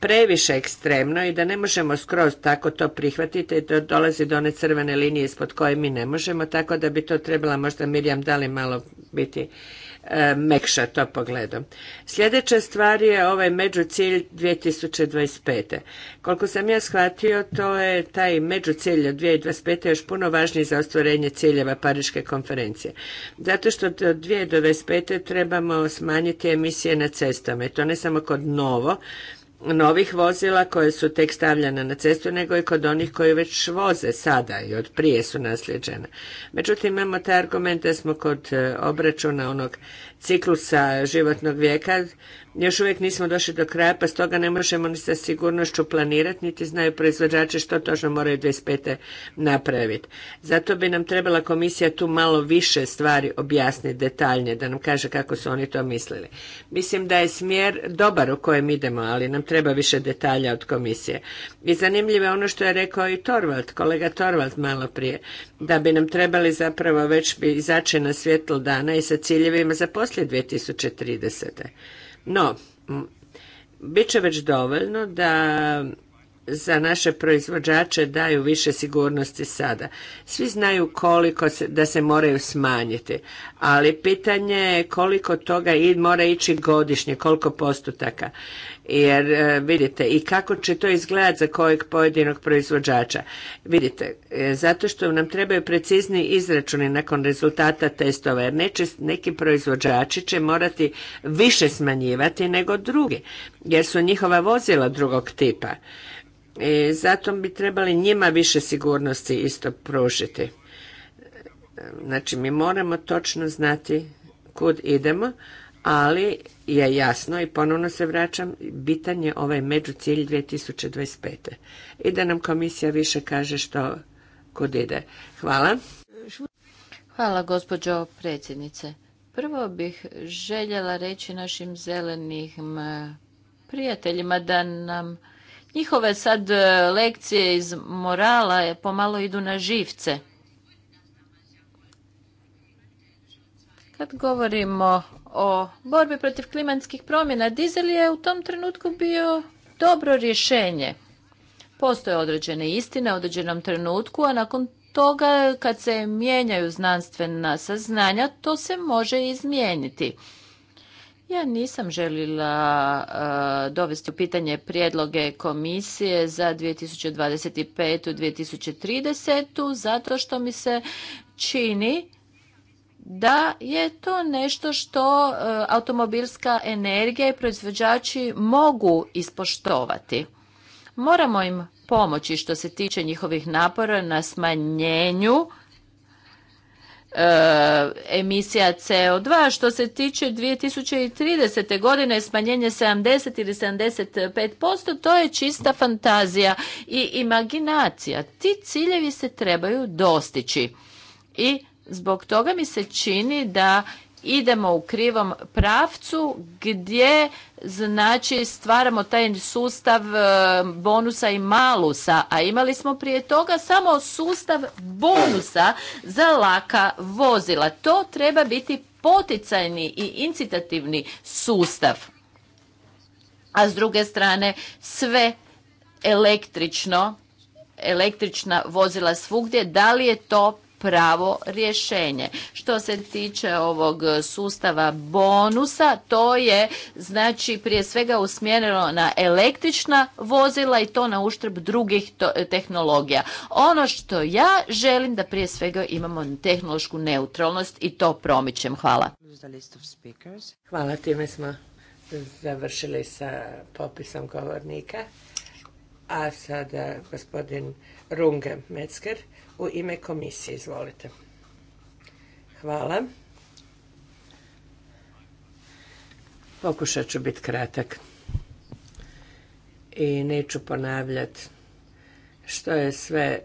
[SPEAKER 1] previše ekstremno i da ne možemo skroz tako to prihvatiti i da dolazi do one crvene linije ispod koje mi ne možemo, tako da bi to trebala možda Mirjam Dali malo biti E, mekša to pogledom. Sljedeća stvar je ovaj međucilj 2025. Koliko sam ja shvatio, to je taj međucilj od 2025. još puno važniji za ostvarenje ciljeva Pariške konferencije. Zato što do 2025. trebamo smanjiti emisije na cestama. I to ne samo kod novo, novih vozila koje su tek stavljana na cestu, nego i kod onih koji već voze sada i od prije su nasljeđene. Međutim, imamo taj argument da smo kod e, obračuna onog ciklusa životnog vijeka još uvijek nismo došli do kraja, pa stoga ne možemo ni sa sigurnošću planirati, niti znaju proizvođači što točno moraju 25. napraviti. Zato bi nam trebala komisija tu malo više stvari objasniti detaljnije, da nam kaže kako su oni to mislili. Mislim da je smjer dobar u kojem idemo, ali nam treba više detalja od komisije. I zanimljivo je ono što je rekao i Torvald, kolega Torvald malo prije, da bi nam trebali zapravo već izaći na svjetlo dana i sa ciljevima za poslije 2030. No, bit će već dovoljno da za naše proizvođače daju više sigurnosti sada. Svi znaju koliko se, da se moraju smanjiti, ali pitanje je koliko toga i, mora ići godišnje, koliko postotaka jer e, vidite i kako će to izgledati za kojeg pojedinog proizvođača. Vidite, e, zato što nam trebaju precizni izračuni nakon rezultata testova, jer neki proizvođači će morati više smanjivati nego drugi, jer su njihova vozila drugog tipa. zato bi trebali njima više sigurnosti isto pružiti. Znači, mi moramo točno znati kud idemo, ali je jasno i ponovno se vraćam, bitan je ovaj među cilj 2025. I da nam komisija više kaže što kod ide. Hvala.
[SPEAKER 2] Hvala gospođo predsjednice. Prvo bih željela reći našim zelenim eh, prijateljima da nam njihove sad eh, lekcije iz morala pomalo idu na živce. Kad govorimo o borbi protiv klimatskih promjena, dizel je u tom trenutku bio dobro rješenje. Postoje određene istine u određenom trenutku, a nakon toga kad se mijenjaju znanstvena saznanja, to se može izmijeniti. Ja nisam željela eh, dovesti u pitanje prijedloge komisije za 2025. 2030. zato što mi se čini da je to nešto što e, automobilska energija i proizvođači mogu ispoštovati. Moramo im pomoći što se tiče njihovih napora na smanjenju e, emisija CO2. Što se tiče 2030. godine smanjenje 70 ili 75%, to je čista fantazija i imaginacija. Ti ciljevi se trebaju dostići. I Zbog toga mi se čini da idemo u krivom pravcu gdje znači stvaramo taj sustav e, bonusa i malusa, a imali smo prije toga samo sustav bonusa za laka vozila. To treba biti poticajni i incitativni sustav. A s druge strane sve električno, električna vozila svugdje, da li je to pravo rješenje. Što se tiče ovog sustava bonusa, to je znači prije svega usmjereno na električna vozila i to na uštrb drugih tehnologija. Ono što ja želim da prije svega imamo tehnološku neutralnost i to promičem. Hvala.
[SPEAKER 1] Hvala, time smo završili sa popisom govornika. A sada gospodin Runge Metzger u ime komisije. Izvolite. Hvala. Pokušat ću biti kratak i neću ponavljati što je sve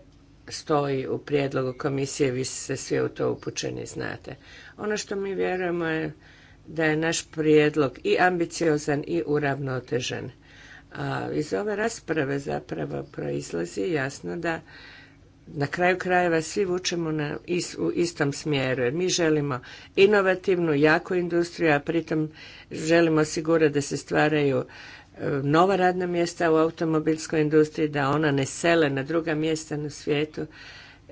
[SPEAKER 1] stoji u prijedlogu komisije, vi ste svi u to upućeni znate. Ono što mi vjerujemo je da je naš prijedlog i ambiciozan i uravnotežen. A iz ove rasprave zapravo proizlazi jasno da na kraju krajeva svi vučemo na u istom smjeru jer mi želimo inovativnu, jaku industriju, a pritom želimo osigurati da se stvaraju e, nova radna mjesta u automobilskoj industriji, da ona ne sele na druga mjesta na svijetu.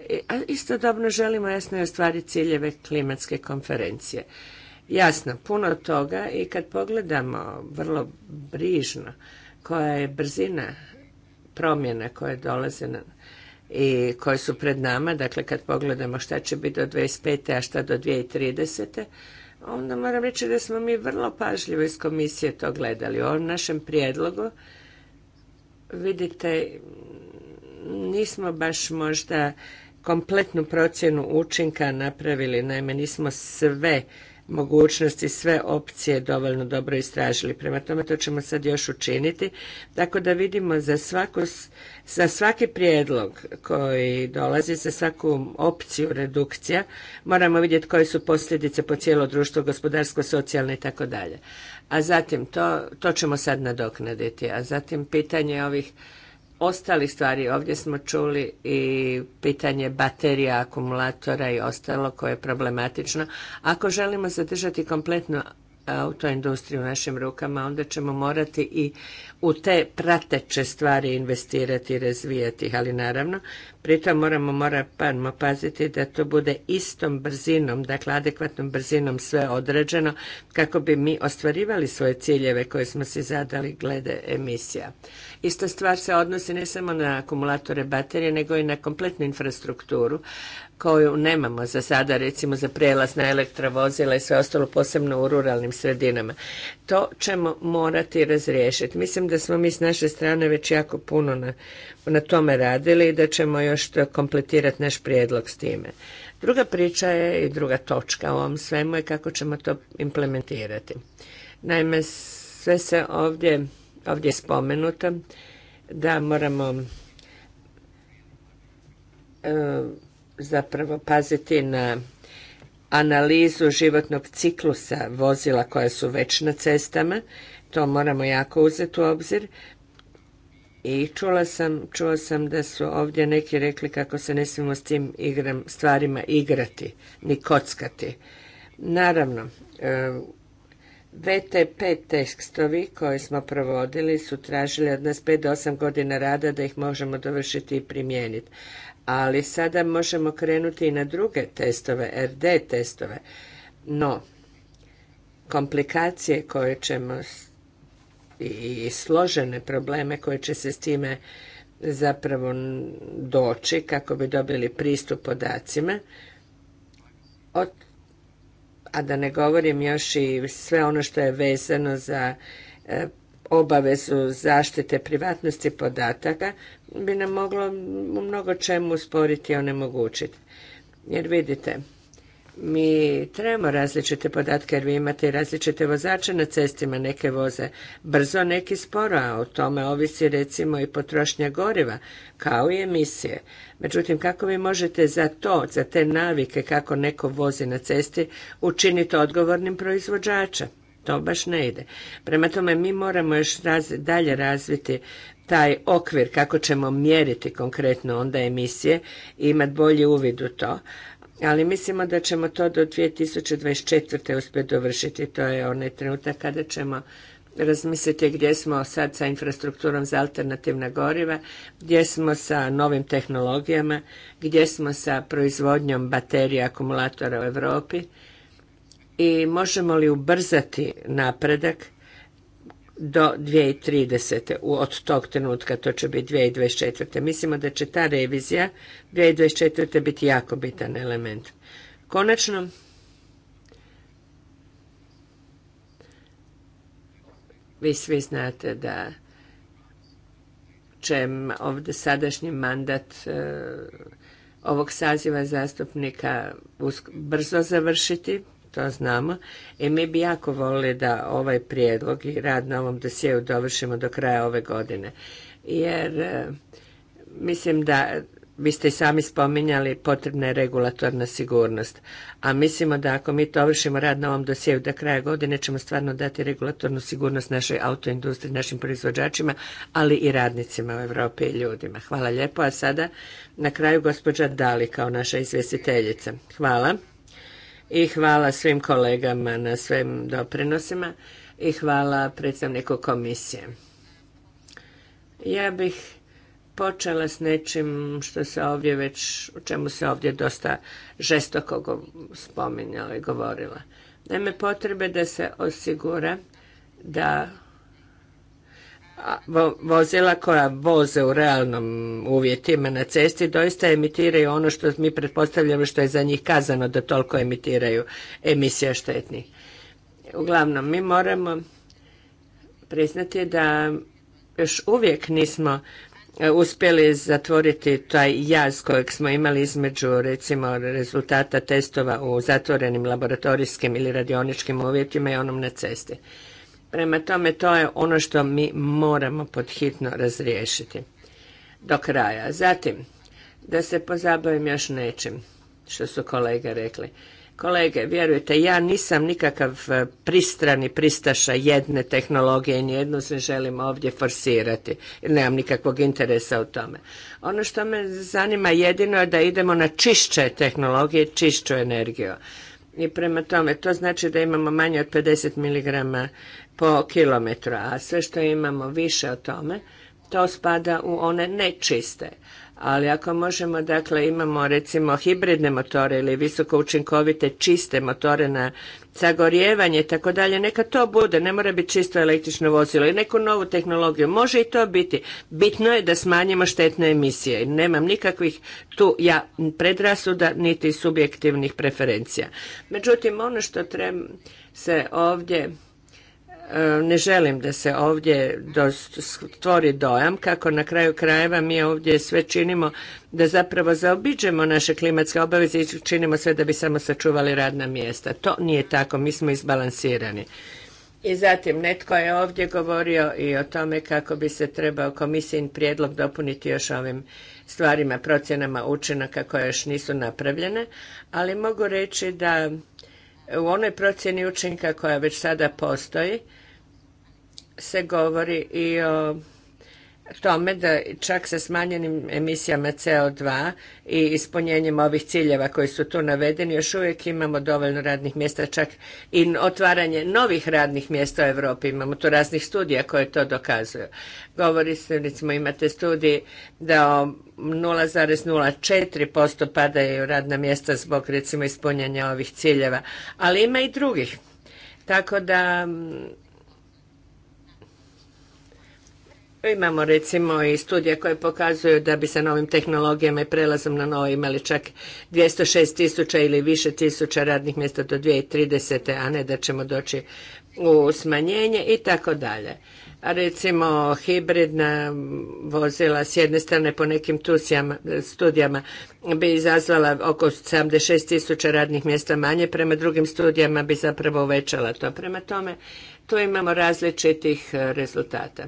[SPEAKER 1] E, a istodobno želimo jasno i ostvariti ciljeve klimatske konferencije. Jasno, puno toga i kad pogledamo vrlo brižno koja je brzina promjena koje dolaze na i koje su pred nama, dakle kad pogledamo šta će biti do 25. a šta do 2030. onda moram reći da smo mi vrlo pažljivo iz komisije to gledali. U ovom našem prijedlogu vidite nismo baš možda kompletnu procjenu učinka napravili, naime nismo sve mogućnosti, sve opcije dovoljno dobro istražili. Prema tome to ćemo sad još učiniti, tako da vidimo za, svaku, za svaki prijedlog koji dolazi, za svaku opciju redukcija, moramo vidjeti koje su posljedice po cijelo društvo, gospodarsko, socijalno i tako dalje. A zatim, to, to ćemo sad nadoknaditi, a zatim pitanje ovih ostalih stvari. Ovdje smo čuli i pitanje baterija, akumulatora i ostalo koje je problematično. Ako želimo zadržati kompletnu autoindustriju u našim rukama, onda ćemo morati i u te prateće stvari investirati i razvijati ih. Ali naravno, Pritom moramo, moramo paziti da to bude istom brzinom, dakle adekvatnom brzinom sve određeno kako bi mi ostvarivali svoje ciljeve koje smo si zadali glede emisija. Ista stvar se odnosi ne samo na akumulatore baterije, nego i na kompletnu infrastrukturu koju nemamo za sada, recimo za prelaz na elektrovozila i sve ostalo posebno u ruralnim sredinama. To ćemo morati razriješiti. Mislim da smo mi s naše strane već jako puno na, na tome radili i da ćemo još kompletirati naš prijedlog s time. Druga priča je i druga točka u ovom svemu je kako ćemo to implementirati. Naime, sve se ovdje, ovdje je spomenuto da moramo e, zapravo paziti na analizu životnog ciklusa vozila koja su već na cestama. To moramo jako uzeti u obzir. I čula sam, čula sam da su ovdje neki rekli kako se ne smijemo s tim igram, stvarima igrati, ni kockati. Naravno, e, VTP tekstovi koje smo provodili su tražili od nas 5 do 8 godina rada da ih možemo dovršiti i primijeniti. Ali sada možemo krenuti i na druge testove, RD testove. No, komplikacije koje ćemo i složene probleme koje će se s time zapravo doći kako bi dobili pristup podacima. Od, a da ne govorim još i sve ono što je vezano za e, obavezu zaštite privatnosti podataka bi nam moglo u mnogo čemu usporiti i onemogućiti. Jer vidite, mi trebamo različite podatke jer vi imate različite vozače na cestima, neke voze brzo, neki sporo, a o tome ovisi recimo i potrošnja goriva, kao i emisije. Međutim, kako vi možete za to, za te navike kako neko vozi na cesti, učiniti odgovornim proizvođača? To baš ne ide. Prema tome, mi moramo još raz, dalje razviti taj okvir kako ćemo mjeriti konkretno onda emisije i imati bolji uvid u to ali mislimo da ćemo to do 2024. uspjeti dovršiti. To je onaj trenutak kada ćemo razmisliti gdje smo sad sa infrastrukturom za alternativna goriva, gdje smo sa novim tehnologijama, gdje smo sa proizvodnjom baterija akumulatora u Europi i možemo li ubrzati napredak do 2030. Od tog trenutka to će biti 2024. Mislimo da će ta revizija 2024. biti jako bitan element. Konačno, vi svi znate da će ovdje sadašnji mandat e, ovog saziva zastupnika brzo završiti to znamo. I mi bi jako volili da ovaj prijedlog i rad na ovom dosjeu dovršimo do kraja ove godine. Jer e, mislim da vi ste i sami spominjali potrebna je regulatorna sigurnost. A mislimo da ako mi to ovršimo, rad na ovom dosjeu do kraja godine ćemo stvarno dati regulatornu sigurnost našoj autoindustriji, našim proizvođačima, ali i radnicima u Europi i ljudima. Hvala lijepo. A sada na kraju gospođa Dali kao naša izvjestiteljica. Hvala i hvala svim kolegama na svim doprinosima i hvala predstavniku komisije. Ja bih počela s nečim što se ovdje već, o čemu se ovdje dosta žestoko spominjala i govorila. Naime, potrebe da se osigura da vozila koja voze u realnom uvjetima na cesti doista emitiraju ono što mi pretpostavljamo što je za njih kazano da toliko emitiraju emisija štetnih. Uglavnom, mi moramo priznati da još uvijek nismo e, uspjeli zatvoriti taj jaz kojeg smo imali između recimo rezultata testova u zatvorenim laboratorijskim ili radioničkim uvjetima i onom na cesti. Prema tome, to je ono što mi moramo podhitno razriješiti do kraja. Zatim, da se pozabavim još nečim što su kolege rekli. Kolege, vjerujte, ja nisam nikakav e, pristrani pristaša jedne tehnologije, nijednu se želim ovdje forsirati, nemam nikakvog interesa u tome. Ono što me zanima jedino je da idemo na čišće tehnologije, čišću energiju. I prema tome, to znači da imamo manje od 50 mg po kilometru, a sve što imamo više od tome, to spada u one nečiste ali ako možemo, dakle imamo recimo hibridne motore ili visoko učinkovite čiste motore na zagorjevanje i tako dalje, neka to bude, ne mora biti čisto električno vozilo i neku novu tehnologiju, može i to biti. Bitno je da smanjimo štetne emisije i nemam nikakvih tu ja predrasuda niti subjektivnih preferencija. Međutim, ono što treba se ovdje E, ne želim da se ovdje stvori dojam kako na kraju krajeva mi ovdje sve činimo da zapravo zaobiđemo naše klimatske obaveze i činimo sve da bi samo sačuvali radna mjesta. To nije tako, mi smo izbalansirani. I zatim netko je ovdje govorio i o tome kako bi se trebao komisijin prijedlog dopuniti još ovim stvarima, procjenama učinaka koje još nisu napravljene, ali mogu reći da u onoj procjeni učinka koja već sada postoji se govori i o tome da čak sa smanjenim emisijama CO2 i ispunjenjem ovih ciljeva koji su tu navedeni još uvijek imamo dovoljno radnih mjesta, čak i otvaranje novih radnih mjesta u Europi. Imamo tu raznih studija koje to dokazuju. Govori se, recimo imate studij da 0,04% padaju radna mjesta zbog recimo ispunjenja ovih ciljeva, ali ima i drugih. Tako da Imamo recimo i studije koje pokazuju da bi sa novim tehnologijama i prelazom na novo imali čak 206 tisuća ili više tisuća radnih mjesta do 2030. a ne da ćemo doći u smanjenje i tako dalje. recimo hibridna vozila s jedne strane po nekim studijama bi izazvala oko 76 tisuća radnih mjesta manje, prema drugim studijama bi zapravo uvećala to. Prema tome, tu imamo različitih rezultata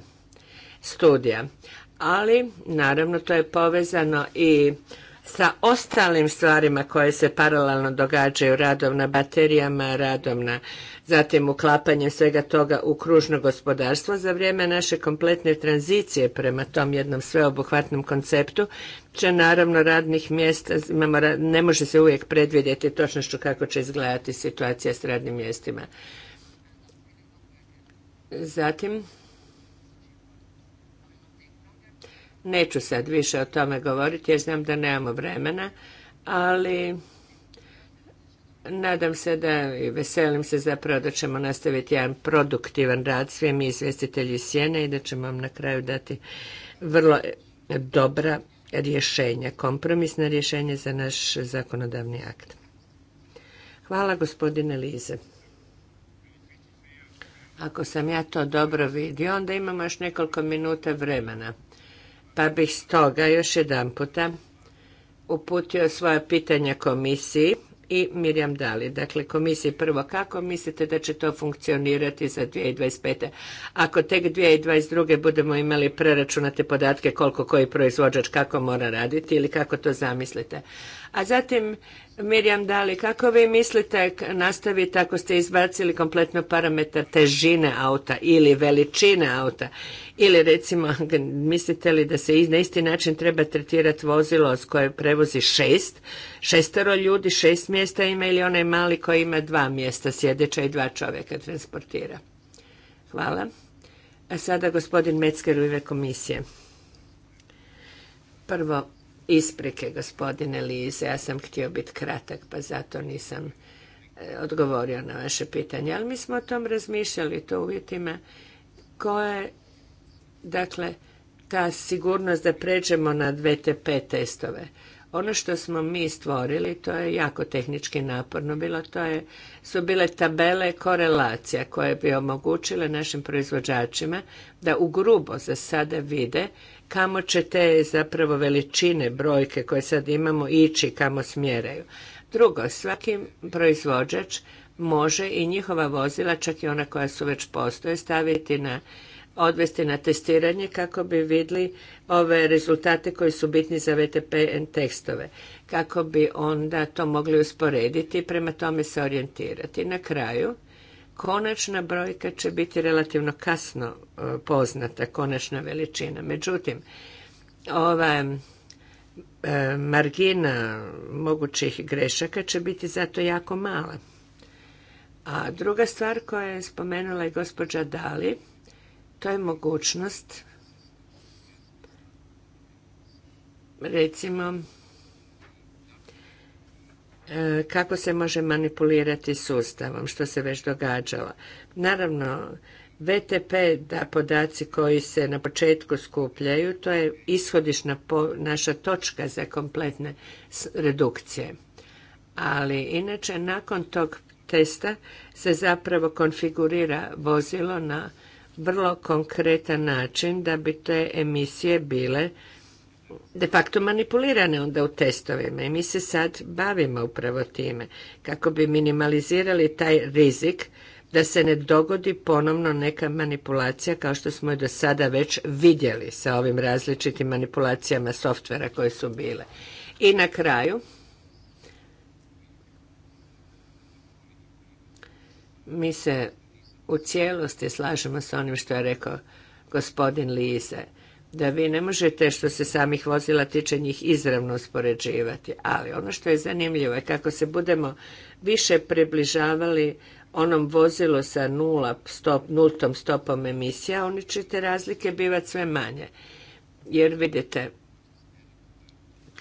[SPEAKER 1] studija. Ali, naravno, to je povezano i sa ostalim stvarima koje se paralelno događaju, radom na baterijama, radom na zatim uklapanje svega toga u kružno gospodarstvo za vrijeme naše kompletne tranzicije prema tom jednom sveobuhvatnom konceptu će naravno radnih mjesta, ne može se uvijek predvidjeti točnošću kako će izgledati situacija s radnim mjestima. Zatim, Neću sad više o tome govoriti jer znam da nemamo vremena, ali nadam se da i veselim se zapravo da ćemo nastaviti jedan produktivan rad svi mi izvjestitelji sjene i da ćemo vam na kraju dati vrlo dobra rješenja, kompromisna rješenja za naš zakonodavni akt. Hvala gospodine Lize. Ako sam ja to dobro vidio, onda imamo još nekoliko minuta vremena pa bih stoga još jedan puta uputio svoje pitanje komisiji i Mirjam Dali. Dakle, komisiji prvo, kako mislite da će to funkcionirati za 2025. Ako tek 2022. budemo imali preračunate podatke koliko koji proizvođač kako mora raditi ili kako to zamislite. A zatim, Mirjam Dali, kako vi mislite nastaviti ako ste izbacili kompletno parametar težine auta ili veličine auta? Ili recimo, mislite li da se na isti način treba tretirati vozilo s koje prevozi šest, šestero ljudi, šest mjesta ima ili onaj mali koji ima dva mjesta sjedeća i dva čovjeka transportira? Hvala. A sada gospodin Metzger u ime komisije. Prvo, Isprike, gospodine Lize, ja sam htio biti kratak, pa zato nisam e, odgovorio na vaše pitanje. Ali mi smo o tom razmišljali, to uvjetima koje, dakle, ta sigurnost da pređemo na VTP testove. Ono što smo mi stvorili, to je jako tehnički naporno bilo, to je, su bile tabele korelacija koje bi omogućile našim proizvođačima da u grubo za sada vide kamo će te zapravo veličine, brojke koje sad imamo ići, kamo smjeraju. Drugo, svaki proizvođač može i njihova vozila, čak i ona koja su već postoje, staviti na odvesti na testiranje kako bi vidli ove rezultate koji su bitni za VTPN tekstove, kako bi onda to mogli usporediti i prema tome se orijentirati. Na kraju, konačna brojka će biti relativno kasno e, poznata, konačna veličina. Međutim, ova e, margina mogućih grešaka će biti zato jako mala. A druga stvar koja je spomenula i gospođa Dali, to je mogućnost recimo E, kako se može manipulirati sustavom, što se već događalo. Naravno, VTP da podaci koji se na početku skupljaju, to je ishodišna naša točka za kompletne redukcije. Ali inače nakon tog testa se zapravo konfigurira vozilo na vrlo konkretan način da bi te emisije bile de facto manipulirane onda u testovima i mi se sad bavimo upravo time kako bi minimalizirali taj rizik da se ne dogodi ponovno neka manipulacija kao što smo je do sada već vidjeli sa ovim različitim manipulacijama softvera koje su bile. I na kraju mi se u cijelosti slažemo sa onim što je rekao gospodin Lize da vi ne možete što se samih vozila tiče njih izravno uspoređivati, ali ono što je zanimljivo je kako se budemo više približavali onom vozilu sa nula stop, nultom stopom emisija, oni će te razlike bivati sve manje. Jer vidite,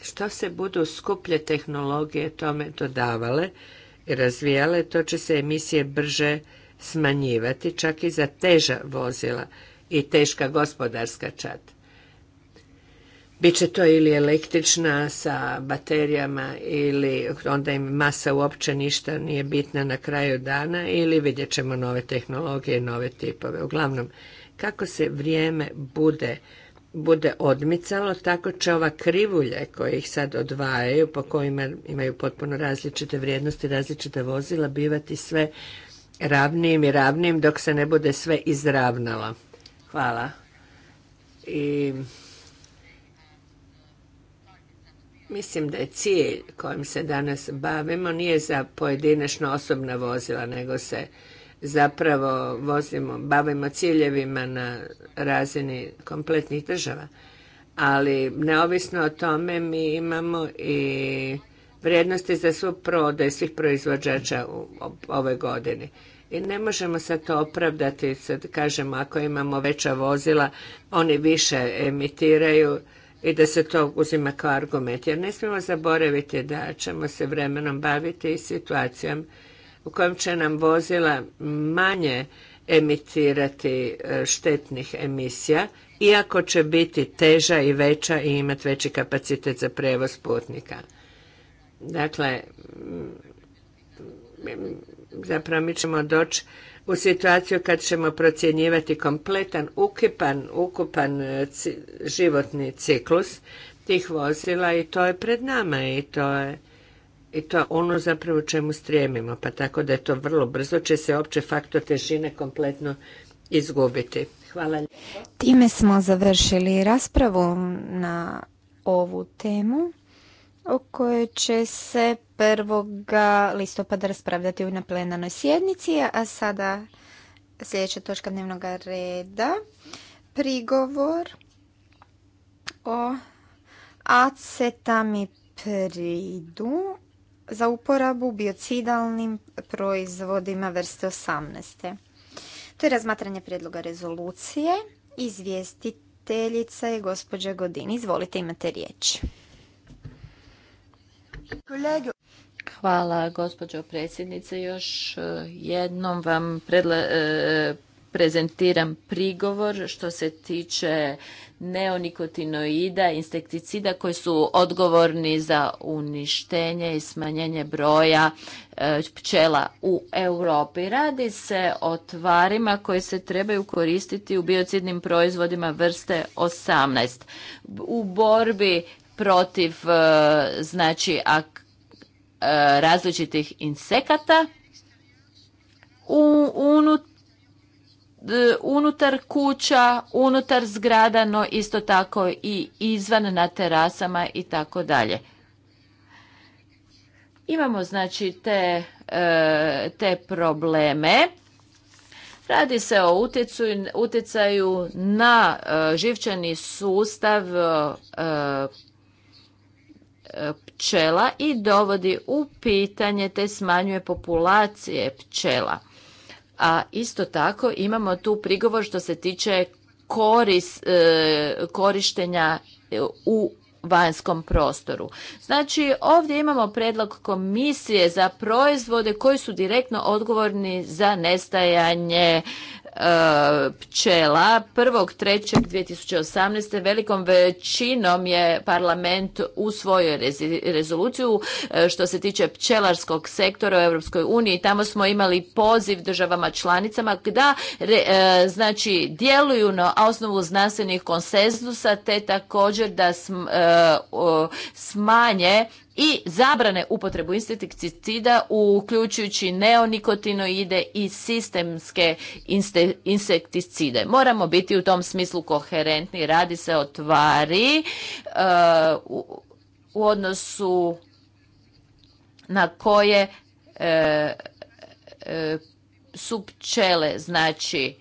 [SPEAKER 1] što se budu skuplje tehnologije tome dodavale i razvijale, to će se emisije brže smanjivati, čak i za teža vozila i teška gospodarska čata. Biće to ili električna sa baterijama ili onda im masa uopće ništa nije bitna na kraju dana ili vidjet ćemo nove tehnologije, nove tipove. Uglavnom, kako se vrijeme bude bude odmicalo, tako će ova krivulje koje ih sad odvajaju, po kojima imaju potpuno različite vrijednosti, različite vozila, bivati sve ravnijim i ravnijim dok se ne bude sve izravnalo. Hvala. I Mislim da je cilj kojim se danas bavimo nije za pojedinačno osobna vozila, nego se zapravo bavimo ciljevima na razini kompletnih država. Ali neovisno o tome mi imamo i vrijednosti za svu prodaj svih proizvođača u ove godine. I ne možemo sad to opravdati, sad kažemo ako imamo veća vozila, oni više emitiraju i da se to uzima kao argument. Jer ne smijemo zaboraviti da ćemo se vremenom baviti i situacijom u kojem će nam vozila manje emitirati e, štetnih emisija, iako će biti teža i veća i imati veći kapacitet za prevoz putnika. Dakle, zapravo mi ćemo doći u situaciju kad ćemo procjenjivati kompletan, ukipan, ukupan e, životni ciklus tih vozila i to je pred nama i to je i to ono zapravo čemu stremimo, pa tako da je to vrlo brzo će se opće faktor težine kompletno izgubiti. Hvala
[SPEAKER 3] Time smo završili raspravu na ovu temu o kojoj će se 1. listopada raspravljati na plenarnoj sjednici, a sada sljedeća točka dnevnog reda. Prigovor o acetamipridu za uporabu biocidalnim proizvodima vrste 18. To je razmatranje prijedloga rezolucije. Izvjestiteljica je gospođa Godin. Izvolite, imate riječ.
[SPEAKER 2] Hvala gospođo predsjednice. Još e, jednom vam e, prezentiram prigovor što se tiče neonikotinoida, insekticida koji su odgovorni za uništenje i smanjenje broja e, pčela u Europi. Radi se o tvarima koje se trebaju koristiti u biocidnim proizvodima vrste 18. U borbi protiv e, znači e, različitih insekata u, unutar kuća, unutar zgrada, no isto tako i izvan na terasama i tako dalje. Imamo znači te, e, te probleme. Radi se o utjecaju na živčani sustav pčela i dovodi u pitanje te smanjuje populacije pčela. A isto tako imamo tu prigovor što se tiče koris, e, korištenja u vanjskom prostoru. Znači ovdje imamo predlog komisije za proizvode koji su direktno odgovorni za nestajanje E, pčela 1.3.2018. velikom većinom je parlament usvojio rezoluciju e, što se tiče pčelarskog sektora u Europskoj uniji. Tamo smo imali poziv državama članicama da e, znači djeluju na osnovu znanstvenih konsenzusa te također da smanje i zabrane upotrebu insekticida uključujući neonikotinoide i sistemske insekticide. Moramo biti u tom smislu koherentni. Radi se o tvari uh, u, odnosu na koje uh, uh, su pčele, znači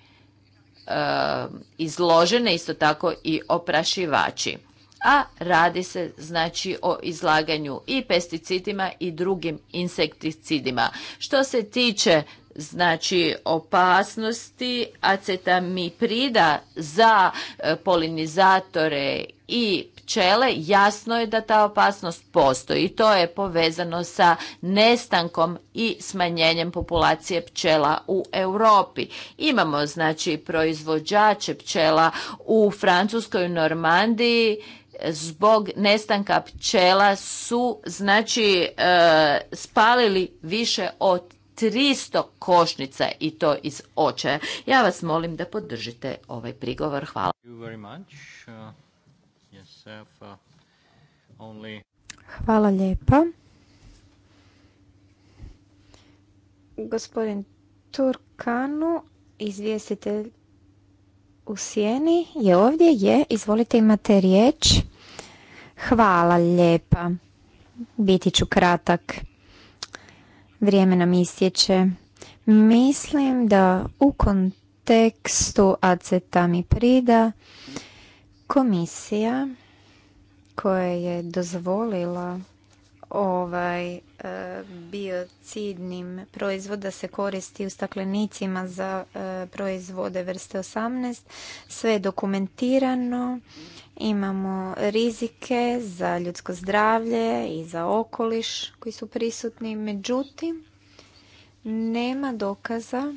[SPEAKER 2] izložene isto tako i oprašivači a radi se znači o izlaganju i pesticidima i drugim insekticidima. Što se tiče znači opasnosti acetamiprida za e, polinizatore i pčele, jasno je da ta opasnost postoji i to je povezano sa nestankom i smanjenjem populacije pčela u Europi. Imamo znači proizvođače pčela u Francuskoj, Normandiji, zbog nestanka pčela su znači e, spalili više od 300 košnica i to iz očaja. Ja vas molim da podržite ovaj prigovor. Hvala.
[SPEAKER 1] Uh,
[SPEAKER 3] Hvala lijepa. Gospodin Turkanu, izvjestitelj u sjeni je ovdje, je, izvolite imate riječ. Hvala lijepa, biti ću kratak, vrijeme nam istječe. Mislim da u kontekstu acetamiprida komisija koja je dozvolila ovaj e, biocidnim proizvoda se koristi u staklenicima za e, proizvode vrste 18. Sve je dokumentirano, imamo rizike za ljudsko zdravlje i za okoliš koji su prisutni. Međutim, nema dokaza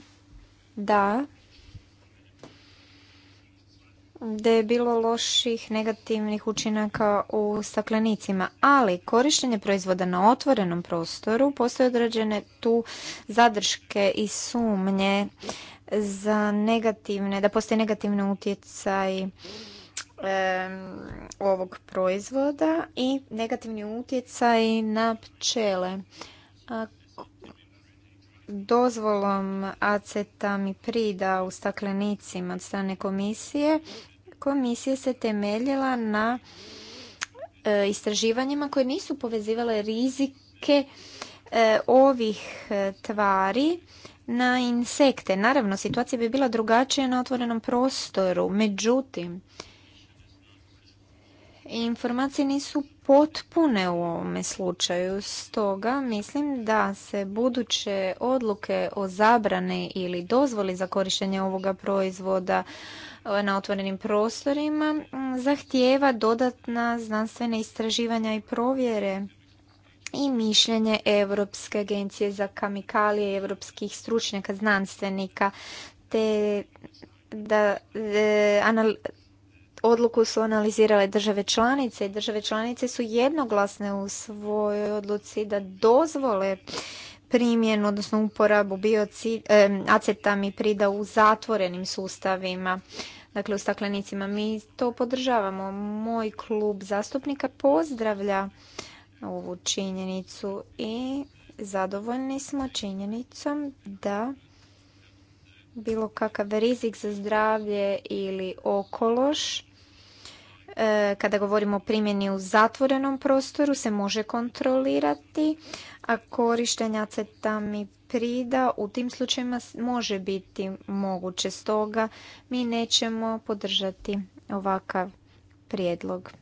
[SPEAKER 3] da da je bilo loših negativnih učinaka u staklenicima, ali korištenje proizvoda na otvorenom prostoru postoje određene tu zadrške i sumnje za negativne, da postoje negativni utjecaj ovog proizvoda i negativni utjecaj na pčele dozvolom acetamiprida u staklenicima od strane komisije, komisija se temeljila na e, istraživanjima koje nisu povezivale rizike e, ovih e, tvari na insekte. Naravno, situacija bi bila drugačija na otvorenom prostoru, međutim, informacije nisu potpune u ovome slučaju. Stoga mislim da se buduće odluke o zabrane ili dozvoli za korištenje ovoga proizvoda eh, na otvorenim prostorima mm, zahtijeva dodatna znanstvena istraživanja i provjere i mišljenje Europske agencije za kamikalije, europskih stručnjaka znanstvenika te da eh, odluku su analizirale države članice i države članice su jednoglasne u svojoj odluci da dozvole primjenu, odnosno uporabu biocid, mi prida u zatvorenim sustavima, dakle u staklenicima. Mi to podržavamo. Moj klub zastupnika pozdravlja ovu činjenicu i zadovoljni smo činjenicom da bilo kakav rizik za zdravlje ili okološ E, kada govorimo o primjeni u zatvorenom prostoru se može kontrolirati, a korištenja prida. u tim slučajevima može biti moguće. Stoga mi nećemo podržati ovakav prijedlog.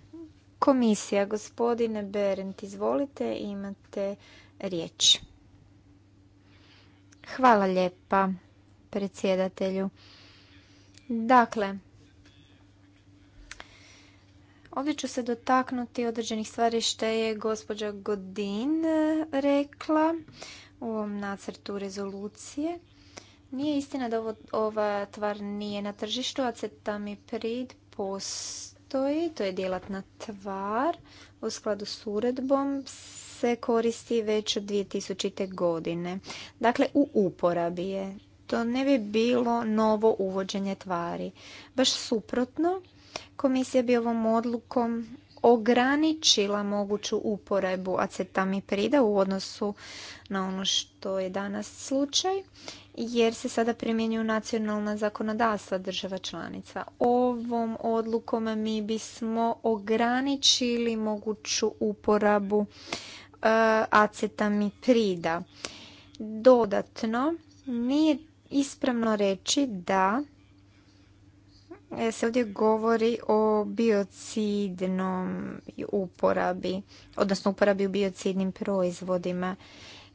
[SPEAKER 3] Komisija, gospodine Berent, izvolite, imate riječ. Hvala lijepa predsjedatelju. Dakle, Ovdje ću se dotaknuti određenih stvari što je gospođa Godin eh, rekla u ovom nacrtu rezolucije. Nije istina da ova tvar nije na tržištu, acetamiprid postoji, to je djelatna tvar. U skladu s uredbom se koristi već od 2000. godine. Dakle, u uporabi je. To ne bi bilo novo uvođenje tvari. Baš suprotno, Komisija bi ovom odlukom ograničila moguću uporebu acetamiprida u odnosu na ono što je danas slučaj, jer se sada primjenjuju nacionalna zakonodavstva država članica. Ovom odlukom mi bismo ograničili moguću uporabu e, acetamiprida. Dodatno, nije ispravno reći da E, se ovdje govori o biocidnom uporabi, odnosno uporabi u biocidnim proizvodima.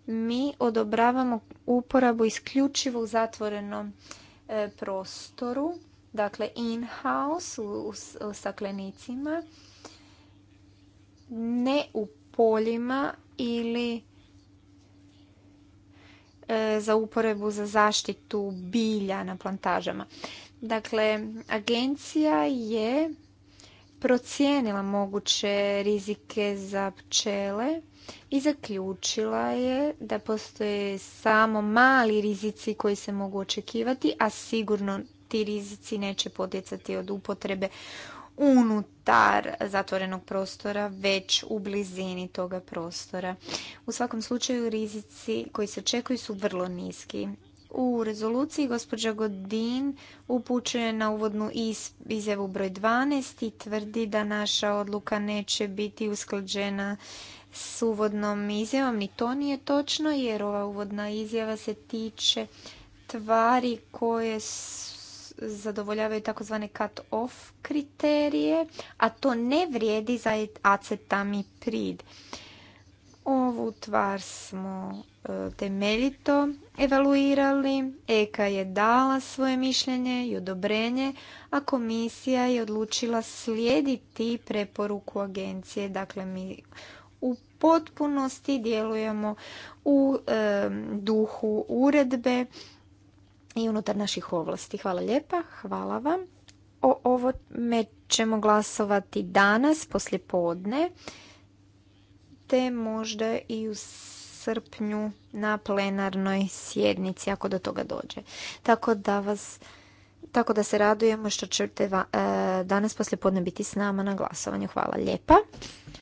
[SPEAKER 3] Mi odobravamo uporabu isključivo u zatvorenom e, prostoru, dakle in-house u, staklenicima, ne u poljima ili e, za uporabu za zaštitu bilja na plantažama. Dakle, agencija je procijenila moguće rizike za pčele i zaključila je da postoje samo mali rizici koji se mogu očekivati, a sigurno ti rizici neće potjecati od upotrebe unutar zatvorenog prostora, već u blizini toga prostora. U svakom slučaju rizici koji se očekuju su vrlo niski u rezoluciji gospođa Godin upućuje na uvodnu izjavu broj 12 i tvrdi da naša odluka neće biti usklađena s uvodnom izjavom. Ni to nije točno jer ova uvodna izjava se tiče tvari koje zadovoljavaju takozvani cut-off kriterije, a to ne vrijedi za acetamiprid. Ovu tvar smo e, temeljito evaluirali, EKA je dala svoje mišljenje i odobrenje, a komisija je odlučila slijediti preporuku agencije. Dakle, mi u potpunosti djelujemo u duhu uredbe i unutar naših ovlasti. Hvala lijepa, hvala vam. O me ćemo glasovati danas, poslje podne, te možda i u srpnju na plenarnoj sjednici ako do toga dođe. Tako da vas tako da se radujemo što ćete e, danas poslijepodne biti s nama na glasovanju. Hvala lijepa.